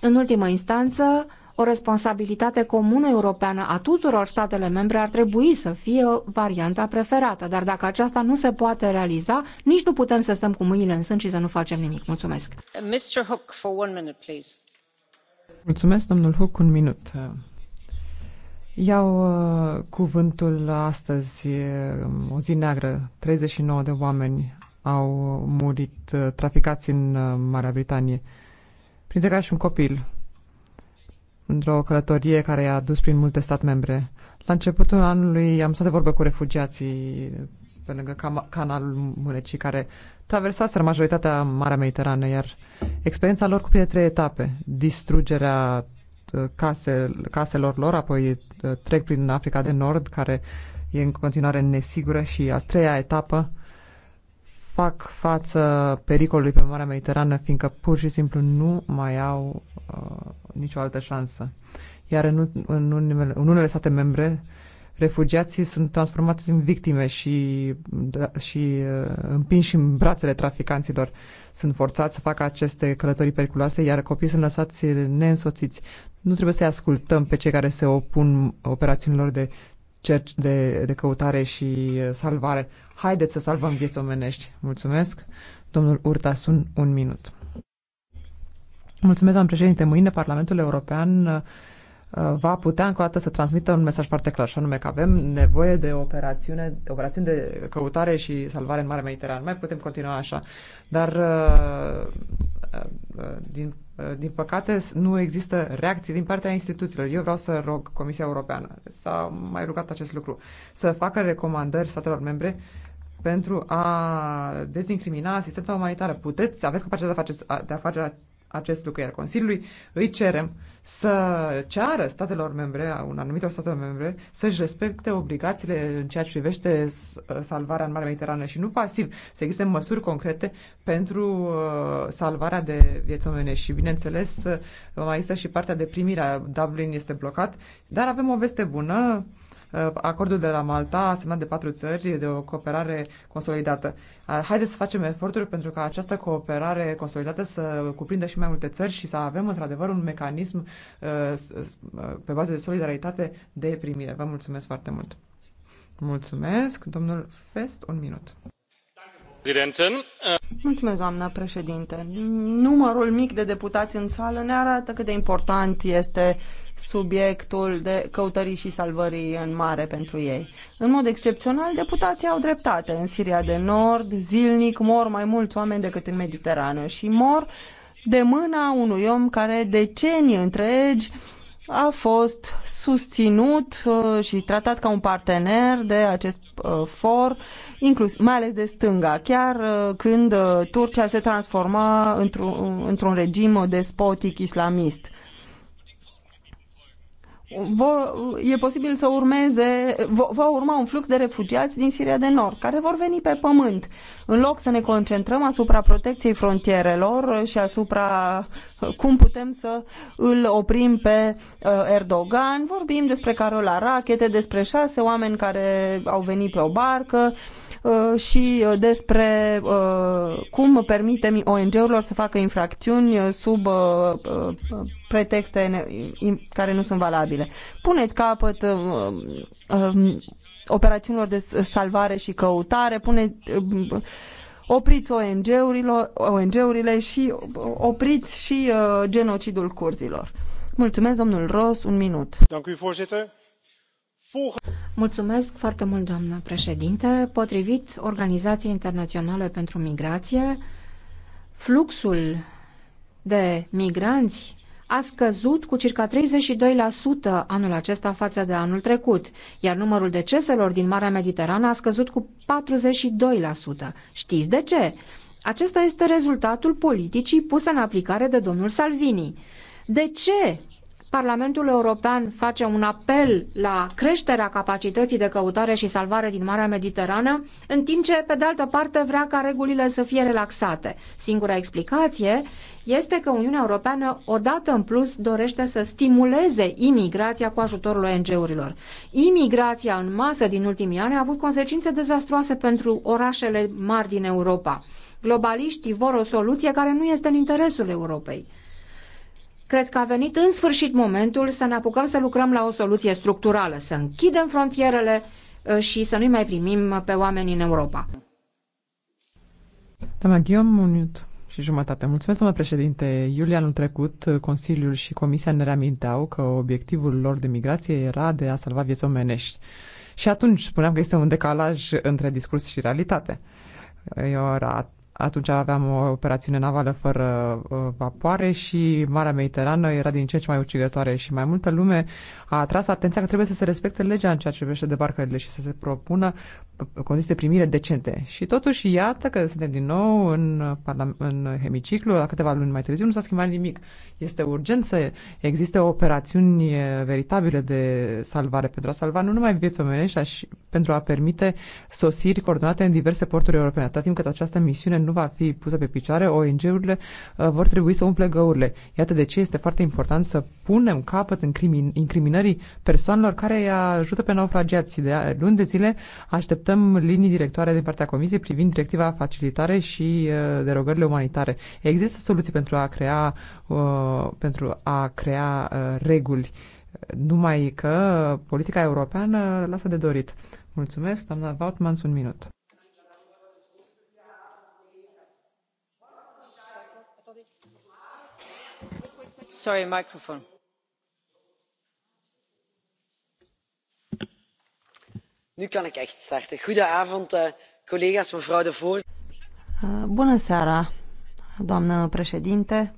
În ultimă instanță, o responsabilitate comună europeană a tuturor statele membre ar trebui să fie varianta preferată, dar dacă aceasta nu se poate realiza, nici nu putem să stăm cu mâinile în sân și să nu facem nimic. Mulțumesc. Mr. Hook, for one minute, please. Mulțumesc, domnul Hook, un minut. Iau uh, cuvântul astăzi, uh, o zi neagră, 39 de oameni au murit uh, traficați în uh, Marea Britanie, printre care și un copil într-o călătorie care i-a dus prin multe stat membre. La începutul anului am stat de vorbă cu refugiații pe lângă canalul Mânecii, care traversaseră majoritatea Marea Mediterană, iar experiența lor cuprinde trei etape. Distrugerea ă, case, caselor lor, apoi ă, trec prin Africa de Nord, care e în continuare nesigură, și a treia etapă, fac față pericolului pe Marea Mediterană, fiindcă pur și simplu nu mai au uh, nicio altă șansă. Iar în, în, unele, în unele state membre, refugiații sunt transformați în victime și, da, și uh, împinși în brațele traficanților. Sunt forțați să facă aceste călătorii periculoase, iar copiii sunt lăsați neînsoțiți. Nu trebuie să-i ascultăm pe cei care se opun operațiunilor de, de, de căutare și uh, salvare. Haideți să salvăm vieți omenești. Mulțumesc. Domnul Urtasun, un minut. Mulțumesc, doamnă președinte. Mâine Parlamentul European uh, va putea încă o dată să transmită un mesaj foarte clar, și anume că avem nevoie de operațiune, de operațiuni de căutare și salvare în Marea Mediterană. Mai putem continua așa, dar uh, uh, din Eh, din păcate, nu există reacții din partea instituțiilor. Eu vreau să rog Comisia Europeană, s-a mai rugat acest lucru, să facă recomandări statelor membre pentru a dezincrimina asistența umanitară. Puteți, aveți capacitatea de a face, de a face acest lucru, iar Consiliului îi cerem să ceară statelor membre, un anumit stat membre, să-și respecte obligațiile în ceea ce privește uh, salvarea în Marea Mediterană și nu pasiv, să existe măsuri concrete pentru uh, salvarea de vieți omenești. Și, bineînțeles, uh, mai există și partea de primire a Dublin este blocat, dar avem o veste bună, Uh, acordul de la Malta, semnat de patru țări, de o cooperare consolidată. Uh, haideți să facem eforturi pentru ca această cooperare consolidată să cuprindă și mai multe țări și să avem într-adevăr un mecanism uh, pe bază de solidaritate de primire. Vă mulțumesc foarte mult! Mulțumesc. Domnul Fest, un minut. Mulțumesc, doamnă președinte. Numărul mic de deputați în sală ne arată cât de important este subiectul de căutării și salvării în mare pentru ei. În mod excepțional, deputații au dreptate. În Siria de Nord, zilnic mor mai mulți oameni decât în Mediterană și mor de mâna unui om care decenii întregi a fost susținut uh, și tratat ca un partener de acest uh, for, inclus, mai ales de stânga, chiar uh, când Turcia se transforma într-un, într-un regim despotic islamist vor, e posibil să urmeze, va urma un flux de refugiați din Siria de Nord, care vor veni pe pământ. În loc să ne concentrăm asupra protecției frontierelor și asupra cum putem să îl oprim pe uh, Erdogan, vorbim despre Carola Rachete, despre șase oameni care au venit pe o barcă, Uh, și uh, despre uh, cum permitem ONG-urilor să facă infracțiuni sub pretexte care nu sunt valabile. Puneți capăt um, operațiunilor de salvare și căutare, pune, opriți ONG-urile, ong și opriți și genocidul curzilor. Mulțumesc, domnul Ros, un minut. Dank u, Mulțumesc foarte mult, doamnă președinte. Potrivit Organizației Internaționale pentru Migrație, fluxul de migranți a scăzut cu circa 32% anul acesta față de anul trecut, iar numărul deceselor din Marea Mediterană a scăzut cu 42%. Știți de ce? Acesta este rezultatul politicii puse în aplicare de domnul Salvini. De ce Parlamentul European face un apel la creșterea capacității de căutare și salvare din Marea Mediterană, în timp ce, pe de altă parte, vrea ca regulile să fie relaxate. Singura explicație este că Uniunea Europeană, odată în plus, dorește să stimuleze imigrația cu ajutorul ONG-urilor. Imigrația în masă din ultimii ani a avut consecințe dezastroase pentru orașele mari din Europa. Globaliștii vor o soluție care nu este în interesul Europei. Cred că a venit în sfârșit momentul să ne apucăm să lucrăm la o soluție structurală, să închidem frontierele uh, și să nu-i mai primim pe oameni în Europa. Doamna Ghion, un minut și jumătate. Mulțumesc, domnule președinte. Iulie anul trecut, Consiliul și Comisia ne reaminteau că obiectivul lor de migrație era de a salva vieți omenești. Și atunci spuneam că este un decalaj între discurs și realitate. Era atunci aveam o operațiune navală fără uh, vapoare și Marea Mediterană era din ce în ce mai ucigătoare și mai multă lume a atras atenția că trebuie să se respecte legea în ceea ce privește debarcările și să se propună uh, condiții de primire decente. Și totuși, iată că suntem din nou în, în hemiciclu, la câteva luni mai târziu, nu s-a schimbat nimic. Este urgent să existe operațiuni uh, veritabile de salvare pentru a salva nu numai vieți omenești, dar și pentru a permite sosiri coordonate în diverse porturi europene, atât timp cât această misiune nu va fi pusă pe picioare, ONG-urile uh, vor trebui să umple găurile. Iată de ce este foarte important să punem capăt în crimin, incriminării persoanelor care îi ajută pe naufragiați. De luni de zile așteptăm linii directoare din partea Comisiei privind directiva facilitare și uh, derogările umanitare. Există soluții pentru a crea, uh, pentru a crea reguli numai că politica europeană lasă de dorit. Mulțumesc, doamna Vautmans, un minut. Eh, eh, bună seara doamnă președinte,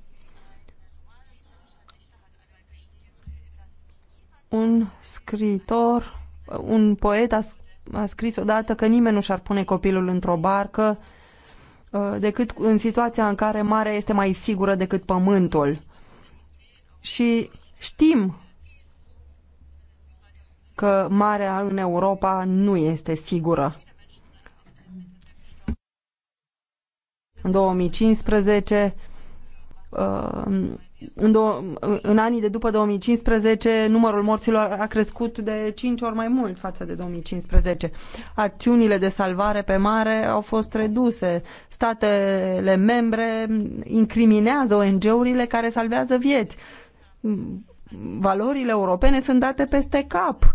un scriitor un poet a, a scris odată că nimeni nu și-ar pune copilul într-o barcă eh, decât în situația în care marea este mai sigură decât pământul. Și știm că marea în Europa nu este sigură. În 2015 uh, în, do- în anii de după 2015, numărul morților a crescut de 5 ori mai mult față de 2015. Acțiunile de salvare pe mare au fost reduse. Statele membre incriminează ONG-urile care salvează vieți valorile europene sunt date peste cap.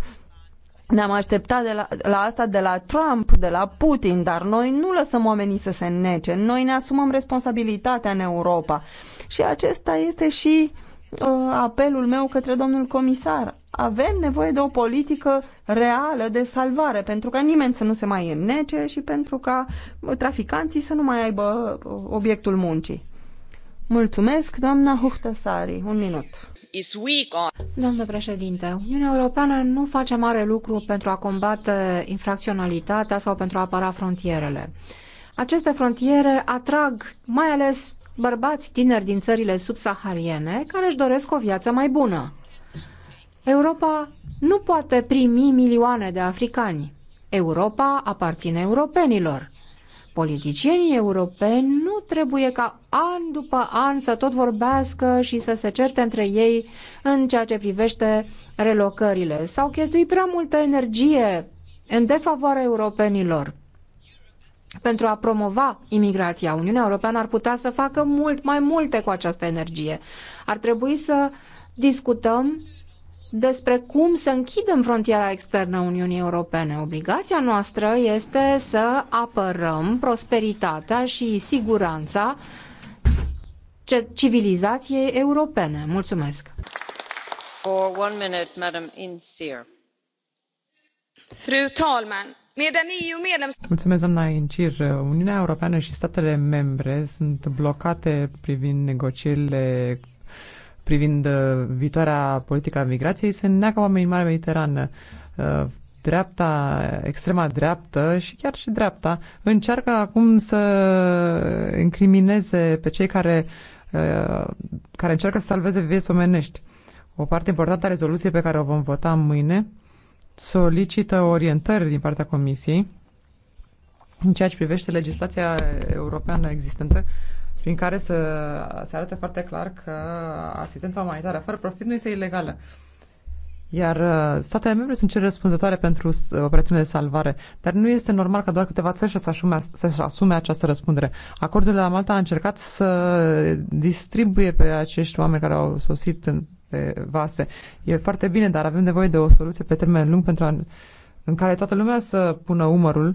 Ne-am așteptat de la, la asta de la Trump, de la Putin, dar noi nu lăsăm oamenii să se nece. Noi ne asumăm responsabilitatea în Europa. Și acesta este și uh, apelul meu către domnul comisar. Avem nevoie de o politică reală de salvare, pentru ca nimeni să nu se mai înnece și pentru ca traficanții să nu mai aibă uh, obiectul muncii. Mulțumesc, doamna Huhtasari. Un minut. Domnule președinte, Uniunea Europeană nu face mare lucru pentru a combate infracționalitatea sau pentru a apăra frontierele. Aceste frontiere atrag mai ales bărbați tineri din țările subsahariene care își doresc o viață mai bună. Europa nu poate primi milioane de africani. Europa aparține europenilor politicienii europeni nu trebuie ca an după an să tot vorbească și să se certe între ei în ceea ce privește relocările. S-au cheltuit prea multă energie în defavoarea europenilor. Pentru a promova imigrația, Uniunea Europeană ar putea să facă mult mai multe cu această energie. Ar trebui să discutăm despre cum să închidem frontiera externă a Uniunii Europene. Obligația noastră este să apărăm prosperitatea și siguranța civilizației europene. Mulțumesc! For one minute, Madam Insir. Fru talman, Mulțumesc, doamna Incir. Uniunea Europeană și statele membre sunt blocate privind negocierile privind uh, viitoarea politică a migrației se neacă oamenii în Marea Mediterană. Uh, dreapta, extrema dreaptă și chiar și dreapta încearcă acum să incrimineze pe cei care, uh, care încearcă să salveze vieți omenești. O parte importantă a rezoluției pe care o vom vota mâine solicită orientări din partea Comisiei în ceea ce privește legislația europeană existentă prin care să se arate foarte clar că asistența umanitară fără profit nu este ilegală. Iar uh, statele membre sunt cele răspunzătoare pentru uh, operațiunile de salvare, dar nu este normal ca doar câteva țări să-și asume, să asume această răspundere. Acordul de la Malta a încercat să distribuie pe acești oameni care au sosit în, pe vase. E foarte bine, dar avem nevoie de o soluție pe termen lung pentru a, în care toată lumea să pună umărul uh,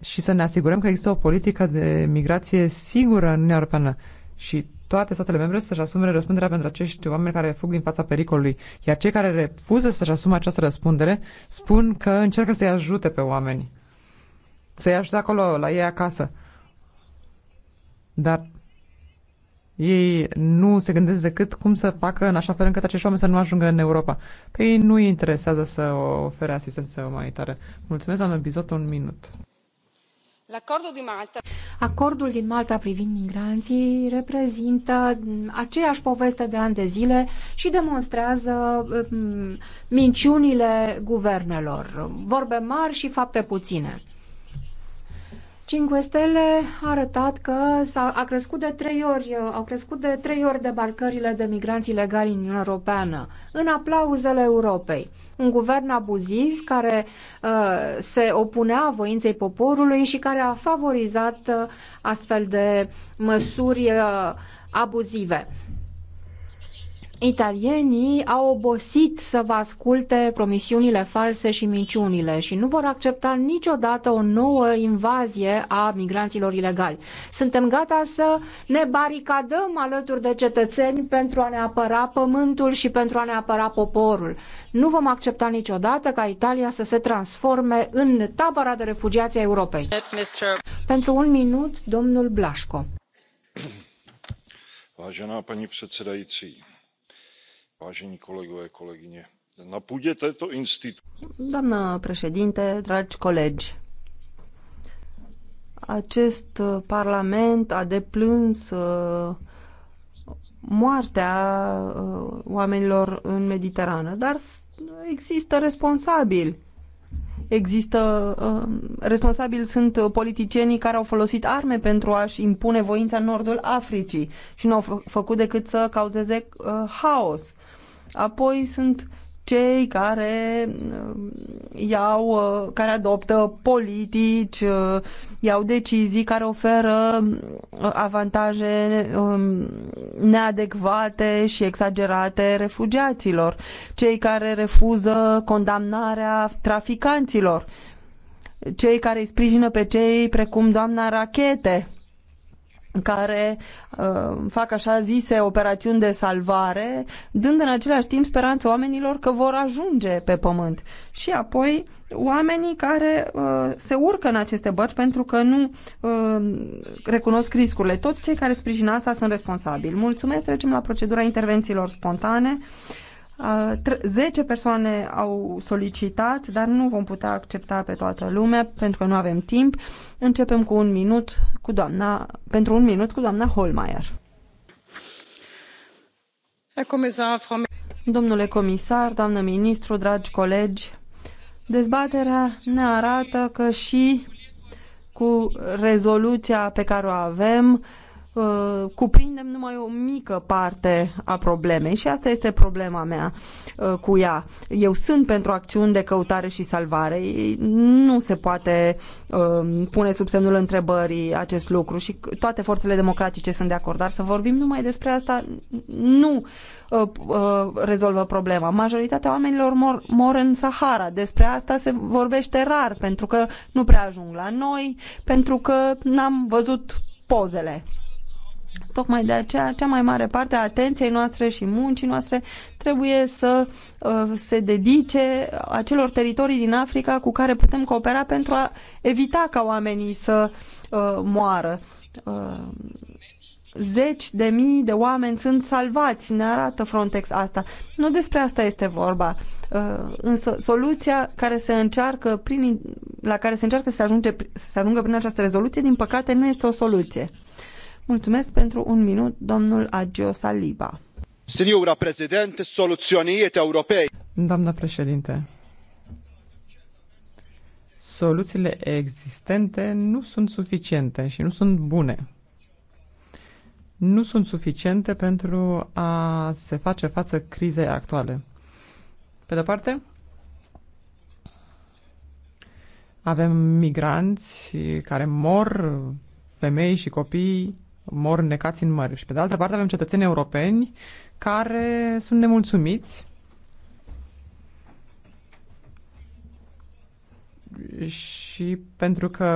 și să ne asigurăm că există o politică de migrație sigură în Uniunea Europeană și toate statele membre să-și asume răspunderea pentru acești oameni care fug din fața pericolului. Iar cei care refuză să-și asume această răspundere spun că încearcă să-i ajute pe oameni. Să-i ajute acolo, la ei acasă. Dar ei nu se gândesc decât cum să facă în așa fel încât acești oameni să nu ajungă în Europa. Pe ei nu i interesează să ofere asistență umanitară. Mulțumesc, doamnă Bizot, un minut. Acordul din Malta privind migranții reprezintă aceeași poveste de ani de zile și demonstrează mm, minciunile guvernelor. Vorbe mari și fapte puține. Cinque Stele a arătat că s-a, a crescut de trei ori, au crescut de trei ori debarcările de migranți ilegali în Uniunea Europeană, în aplauzele Europei. Un guvern abuziv care uh, se opunea voinței poporului și care a favorizat uh, astfel de măsuri uh, abuzive. Italienii au obosit să vă asculte promisiunile false și minciunile și nu vor accepta niciodată o nouă invazie a migranților ilegali. Suntem gata să ne baricadăm alături de cetățeni pentru a ne apăra pământul și pentru a ne apăra poporul. Nu vom accepta niciodată ca Italia să se transforme în tabăra de refugiați a Europei. Pentru un minut, domnul Blașco. Vážená paní předsedající, Doamnă președinte, dragi colegi, acest parlament a deplâns uh, moartea uh, oamenilor în Mediterană, dar există responsabili. Există uh, responsabili sunt politicienii care au folosit arme pentru a-și impune voința în nordul Africii și nu au făcut decât să cauzeze haos Apoi sunt cei care uh, iau, uh, care adoptă politici, uh, iau decizii care oferă avantaje um, neadecvate și exagerate refugiaților, cei care refuză condamnarea traficanților, cei care îi sprijină pe cei precum doamna Rachete, care uh, fac așa zise operațiuni de salvare, dând în același timp speranță oamenilor că vor ajunge pe pământ. Și apoi oamenii care uh, se urcă în aceste bărci pentru că nu uh, recunosc riscurile. Toți cei care sprijină asta sunt responsabili. Mulțumesc, trecem la procedura intervențiilor spontane. Uh, 10 persoane au solicitat, dar nu vom putea accepta pe toată lumea pentru că nu avem timp. Începem cu un minut cu doamna, pentru un minut cu doamna Holmeier. Domnule comisar, doamnă ministru, dragi colegi, dezbaterea ne arată că și cu rezoluția pe care o avem, Uh, cuprindem numai o mică parte a problemei și asta este problema mea uh, cu ea. Eu sunt pentru acțiuni de căutare și salvare. Nu se poate uh, pune sub semnul întrebării acest lucru și toate forțele democratice sunt de acord, dar să vorbim numai despre asta nu rezolvă problema. Majoritatea oamenilor mor, mor în Sahara. Despre asta se vorbește rar, pentru că nu prea ajung la noi, pentru că n-am văzut pozele. Tocmai de aceea, cea mai mare parte a atenției noastre și muncii noastre trebuie să uh, se dedice acelor teritorii din Africa cu care putem coopera pentru a evita ca oamenii să uh, moară. Uh, zeci de mii de oameni sunt salvați, ne arată Frontex asta. Nu despre asta este vorba. Uh, însă soluția care se încearcă prin, la care se încearcă să, ajunge, să se ajungă prin această rezoluție, din păcate, nu este o soluție. Mulțumesc pentru un minut, domnul Agio Saliba. Signora Presidente, este europei. Doamna președinte, soluțiile existente nu sunt suficiente și nu sunt bune. Nu sunt suficiente pentru a se face față crizei actuale. Pe de parte, avem migranți care mor, femei și copii mor necați în mări. Și pe de altă parte avem cetățeni europeni care sunt nemulțumiți și pentru că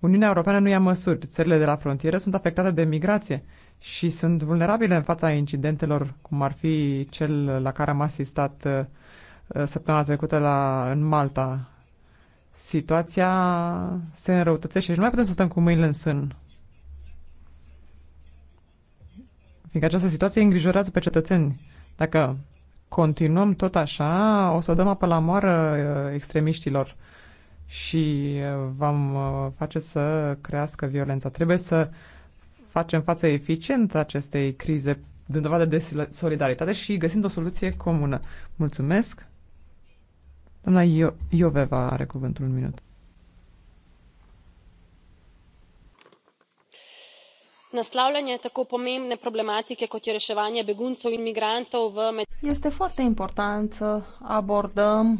Uniunea Europeană nu ia măsuri. Țările de la frontieră sunt afectate de migrație și sunt vulnerabile în fața incidentelor, cum ar fi cel la care am asistat uh, săptămâna trecută la, în Malta. Situația se înrăutățește și nu mai putem să stăm cu mâinile în sân. fiindcă această situație îngrijorează pe cetățeni. Dacă continuăm tot așa, o să dăm apă la moară uh, extremiștilor și uh, vom uh, face să crească violența. Trebuie să facem față eficient acestei crize, din dovadă de solidaritate și găsind o soluție comună. Mulțumesc! Doamna Io- Ioveva are cuvântul un minut. Naslavljanje tako pomembne problematike, kot je reševanje beguncev in migrantov v Este foarte important să abordăm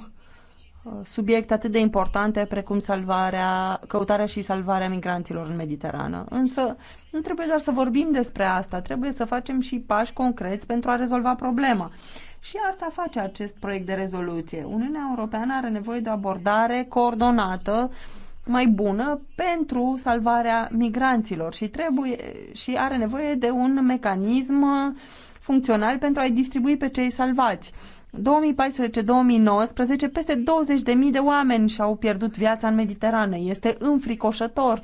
uh, subiecte atât de importante precum salvarea, căutarea și salvarea migranților în Mediterană. Însă nu trebuie doar să vorbim despre asta, trebuie să facem și pași concreți pentru a rezolva problema. Și asta face acest proiect de rezoluție. Uniunea Europeană are nevoie de o abordare coordonată mai bună pentru salvarea migranților și trebuie și are nevoie de un mecanism funcțional pentru a-i distribui pe cei salvați. 2014-2019, peste 20.000 de oameni și-au pierdut viața în Mediterană. Este înfricoșător.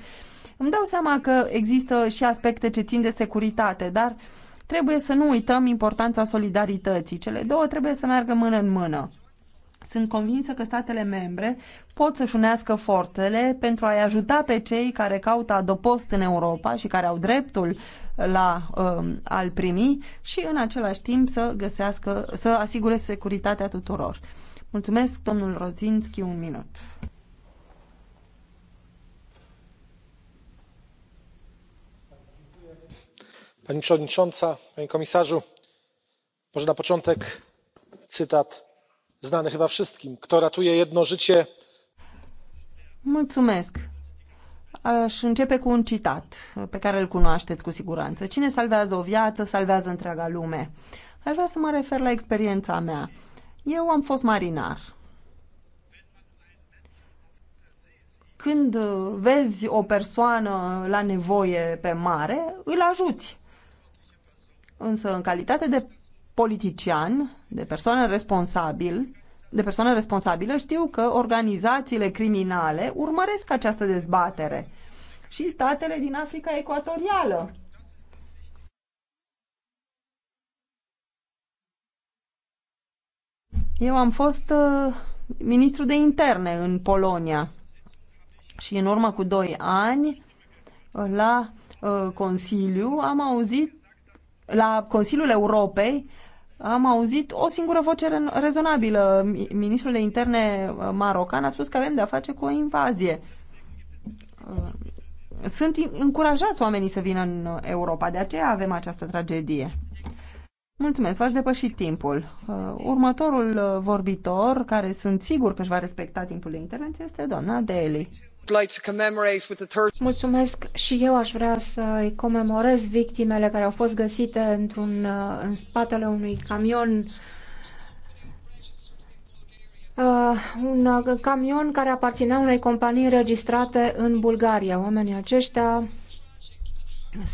Îmi dau seama că există și aspecte ce țin de securitate, dar trebuie să nu uităm importanța solidarității. Cele două trebuie să meargă mână în mână. Sunt convinsă că statele membre pot să-și unească forțele pentru a-i ajuta pe cei care caută adopost în Europa și care au dreptul la uh, a-l primi și în același timp să găsească, să asigure securitatea tuturor. Mulțumesc, domnul Rozinski, un minut. Pani przewodnicząca, panie komisarzu, może na początek cytat znany chyba wszystkim kto ratuje jedno życie. Mulțumesc. Aș începe cu un citat pe care îl cunoașteți cu siguranță. Cine salvează o viață, salvează întreaga lume. Aș vrea să mă refer la experiența mea. Eu am fost marinar. Când vezi o persoană la nevoie pe mare, îl ajuți. Însă, în calitate de politician, de persoană responsabil, de persoană responsabilă, știu că organizațiile criminale urmăresc această dezbatere și statele din Africa Ecuatorială. Eu am fost uh, ministru de interne în Polonia și în urmă cu doi ani uh, la uh, Consiliu am auzit la Consiliul Europei am auzit o singură voce rezonabilă. Ministrul de interne uh, marocan a spus că avem de-a face cu o invazie. Uh, sunt încurajați oamenii să vină în uh, Europa, de aceea avem această tragedie. Mulțumesc, v-ați depășit timpul. Următorul vorbitor, care sunt sigur că își va respecta timpul de intervenție, este doamna Daly. Mulțumesc și eu aș vrea să îi comemorez victimele care au fost găsite într-un, uh, în spatele unui camion Uh, un uh, camion care aparținea unei companii înregistrate în Bulgaria. Oamenii aceștia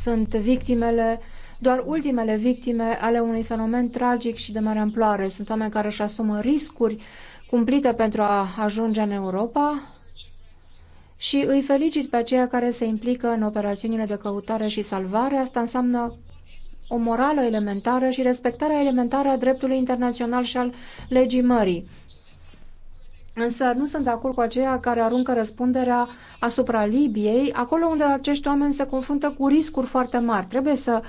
sunt victimele, doar ultimele victime ale unui fenomen tragic și de mare amploare. Sunt oameni care își asumă riscuri cumplite pentru a ajunge în Europa, și îi felicit pe aceia care se implică în operațiunile de căutare și salvare. Asta înseamnă o morală elementară și respectarea elementară a dreptului internațional și al legii mării. Însă nu sunt de acord cu aceia care aruncă răspunderea asupra Libiei, acolo unde acești oameni se confruntă cu riscuri foarte mari. Trebuie să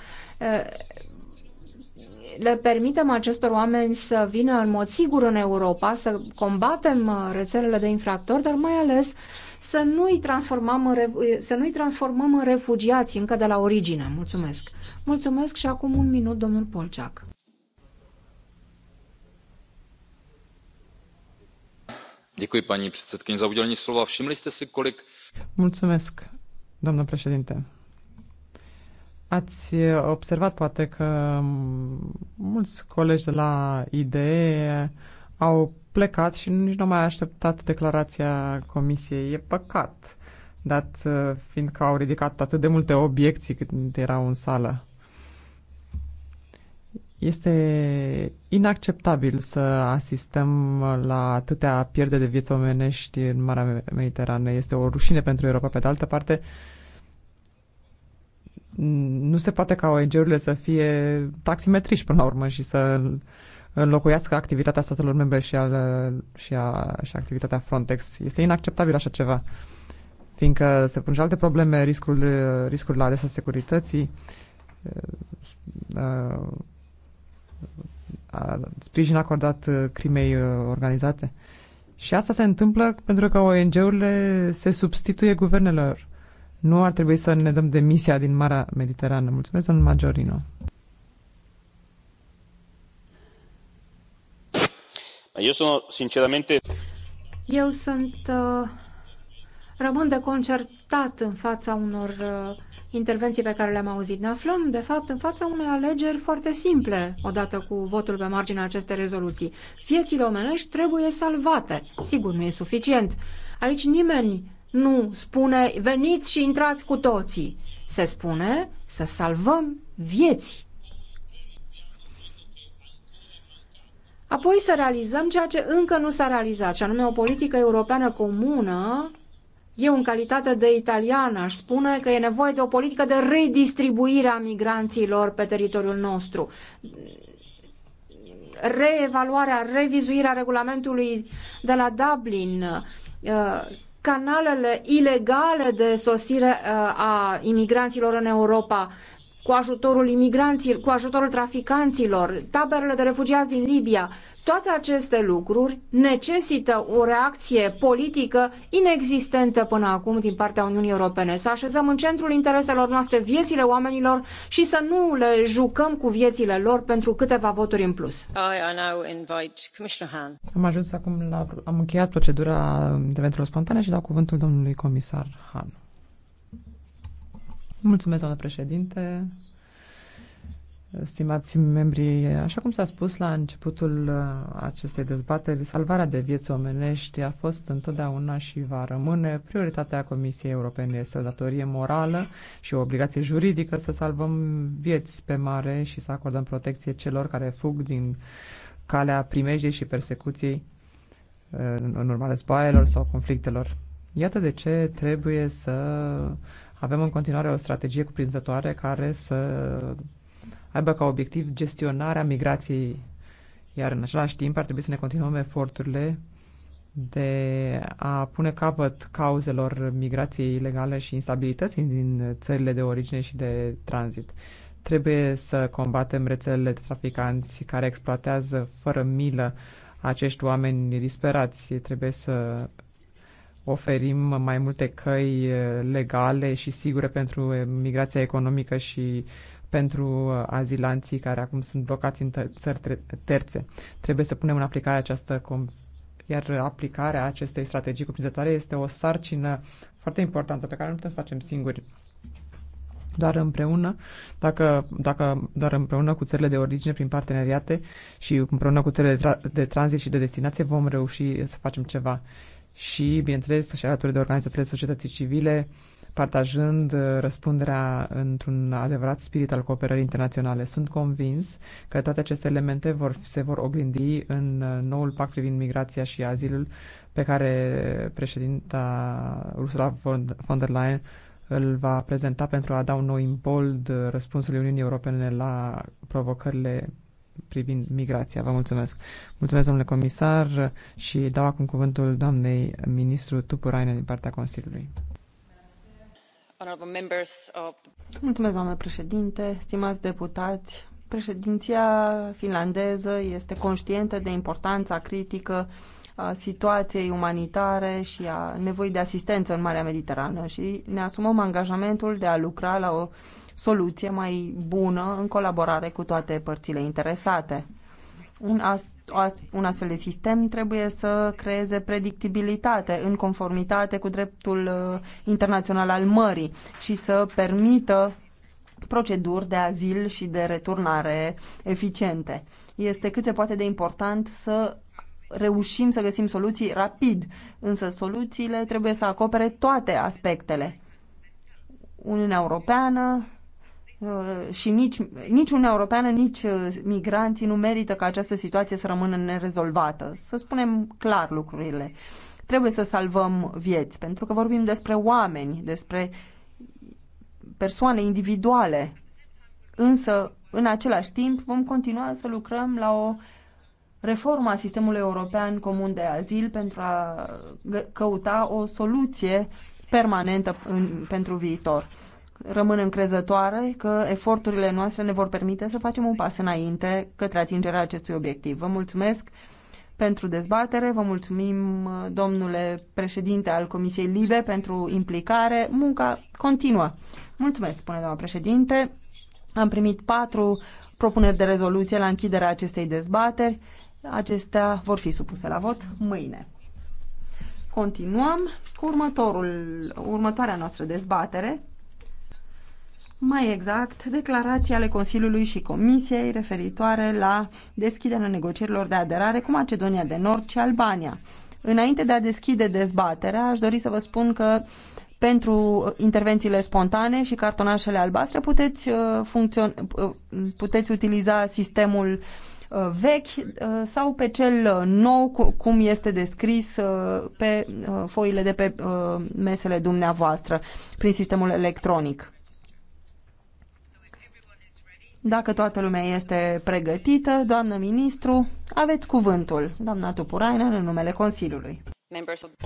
le permitem acestor oameni să vină în mod sigur în Europa, să combatem rețelele de infractori, dar mai ales să nu-i transformăm, în, să nu transformăm în refugiați încă de la origine. Mulțumesc. Mulțumesc și acum un minut, domnul Polceac. paní slova. všimli jste si kolik. mulțumesc doamnă președinte. Ați observat poate că mulți colegi de la IDE au plecat și nici nu am mai așteptat declarația comisiei. E păcat, dat uh, fiindcă au ridicat atât de multe obiecții cât erau în sală. Este inacceptabil să asistăm la atâtea pierde de vieți omenești în Marea Mediterană. Este o rușine pentru Europa. Pe de altă parte, nu se poate ca ONG-urile să fie taximetriși până la urmă și să înlocuiască activitatea statelor membre și, al, și, a, și activitatea Frontex. Este inacceptabil așa ceva, fiindcă se pun și alte probleme, riscul, riscul la adresa securității, eh, eh, sprijin acordat crimei eh, organizate. Și asta se întâmplă pentru că ONG-urile se substituie guvernelor. Nu ar trebui să ne dăm demisia din Marea Mediterană. Mulțumesc, domnul Majorino. Eu sunt, sinceramente... Eu sunt... Uh, rămân deconcertat în fața unor uh, intervenții pe care le-am auzit. Ne aflăm, de fapt, în fața unei alegeri foarte simple, odată cu votul pe marginea acestei rezoluții. Viețile omenești trebuie salvate. Sigur, nu e suficient. Aici nimeni nu spune veniți și intrați cu toții. Se spune să salvăm vieți. apoi să realizăm ceea ce încă nu s-a realizat, și anume o politică europeană comună. Eu, în calitate de italian, aș spune că e nevoie de o politică de redistribuire a migranților pe teritoriul nostru. Reevaluarea, revizuirea regulamentului de la Dublin, uh, canalele ilegale de sosire uh, a imigranților în Europa, cu ajutorul imigranților, cu ajutorul traficanților, taberele de refugiați din Libia. Toate aceste lucruri necesită o reacție politică inexistentă până acum din partea Uniunii Europene. Să așezăm în centrul intereselor noastre viețile oamenilor și să nu le jucăm cu viețile lor pentru câteva voturi în plus. Am ajuns acum la... am încheiat procedura intervențiilor spontane și dau cuvântul domnului comisar Han. Mulțumesc, doamnă președinte. Stimați membrii, așa cum s-a spus la începutul uh, acestei dezbateri, salvarea de vieți omenești a fost întotdeauna și va rămâne prioritatea Comisiei Europene. Este o datorie morală și o obligație juridică să salvăm vieți pe mare și să acordăm protecție celor care fug din calea primejdiei și persecuției uh, în urma războaielor sau conflictelor. Iată de ce trebuie să avem în continuare o strategie cuprinzătoare care să aibă ca obiectiv gestionarea migrației, iar în același timp ar trebui să ne continuăm eforturile de a pune capăt cauzelor migrației ilegale și instabilității din țările de origine și de tranzit. Trebuie să combatem rețelele de traficanți care exploatează fără milă acești oameni disperați. Trebuie să oferim mai multe căi eh, legale și sigure pentru migrația economică și pentru eh, azilanții care acum sunt blocați în țări terțe. Trebuie să punem în aplicare această iar aplicarea acestei strategii cuprinzătoare este o sarcină foarte importantă pe care nu putem să facem singuri. Doar împreună, dacă, dacă doar împreună cu țările de origine prin parteneriate și împreună cu țările de, tra- de tranzit și de destinație vom reuși să facem ceva și, bineînțeles, și alături de organizațiile societății civile, partajând uh, răspunderea într-un adevărat spirit al cooperării internaționale. Sunt convins că toate aceste elemente vor, se vor oglindi în uh, noul pact privind migrația și azilul pe care președinta Ursula von der Leyen îl va prezenta pentru a da un nou impold uh, răspunsului Uniunii Europene la provocările privind migrația. Vă mulțumesc. Mulțumesc, domnule comisar, și dau acum cuvântul doamnei ministru Tupurainen din partea Consiliului. Mulțumesc, doamnă președinte, stimați deputați. Președinția finlandeză este conștientă de importanța critică a situației umanitare și a nevoii de asistență în Marea Mediterană și ne asumăm angajamentul de a lucra la o soluție mai bună în colaborare cu toate părțile interesate. Un, ast, un astfel de sistem trebuie să creeze predictibilitate în conformitate cu dreptul uh, internațional al mării și să permită proceduri de azil și de returnare eficiente. Este cât se poate de important să reușim să găsim soluții rapid, însă soluțiile trebuie să acopere toate aspectele. Uniunea Europeană Uh, și nici, nici Uniunea Europeană, nici uh, migranții nu merită ca această situație să rămână nerezolvată. Să spunem clar lucrurile. Trebuie să salvăm vieți, pentru că vorbim despre oameni, despre persoane individuale. Însă, în același timp, vom continua să lucrăm la o reformă a sistemului european comun de azil pentru a căuta o soluție permanentă în, pentru viitor rămân încrezătoare că eforturile noastre ne vor permite să facem un pas înainte către atingerea acestui obiectiv. Vă mulțumesc pentru dezbatere, vă mulțumim, domnule președinte al Comisiei Libe, pentru implicare. Munca continuă. Mulțumesc, spune doamna președinte. Am primit patru propuneri de rezoluție la închiderea acestei dezbateri. Acestea vor fi supuse la vot mâine. Continuăm cu următorul, următoarea noastră dezbatere, mai exact declarații ale Consiliului și Comisiei referitoare la deschiderea negocierilor de aderare cu Macedonia de Nord și Albania. Înainte de a deschide dezbaterea, aș dori să vă spun că pentru intervențiile spontane și cartonașele albastre puteți, uh, uh, puteți utiliza sistemul uh, vechi sau pe cel nou, cum este descris pe foile de pe mesele dumneavoastră, prin sistemul electronic. Dacă toată lumea este pregătită, doamnă ministru, aveți cuvântul, doamna Tupurainen, în numele Consiliului.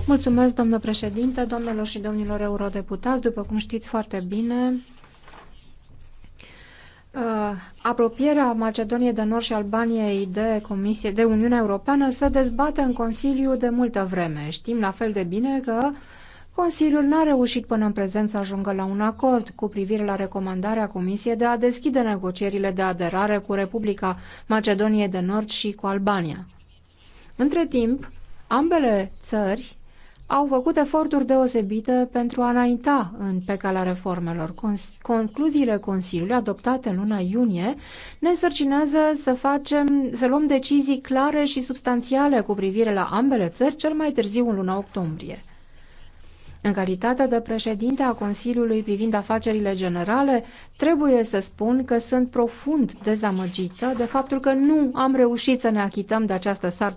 Mulțumesc, doamnă președinte, doamnelor și domnilor eurodeputați. După cum știți foarte bine, uh, apropierea Macedoniei de Nord și Albaniei de Comisie de Uniunea Europeană se dezbate în Consiliu de multă vreme. Știm la fel de bine că Consiliul n-a reușit până în prezent să ajungă la un acord cu privire la recomandarea Comisiei de a deschide negocierile de aderare cu Republica Macedoniei de Nord și cu Albania. Între timp, ambele țări au făcut eforturi deosebite pentru a înainta în pe calea reformelor. Concluziile Consiliului adoptate în luna iunie ne însărcinează să facem, să luăm decizii clare și substanțiale cu privire la ambele țări cel mai târziu în luna octombrie. În calitate de președinte a Consiliului privind afacerile generale, trebuie să spun că sunt profund dezamăgită de faptul că nu am reușit să ne achităm de această sarcină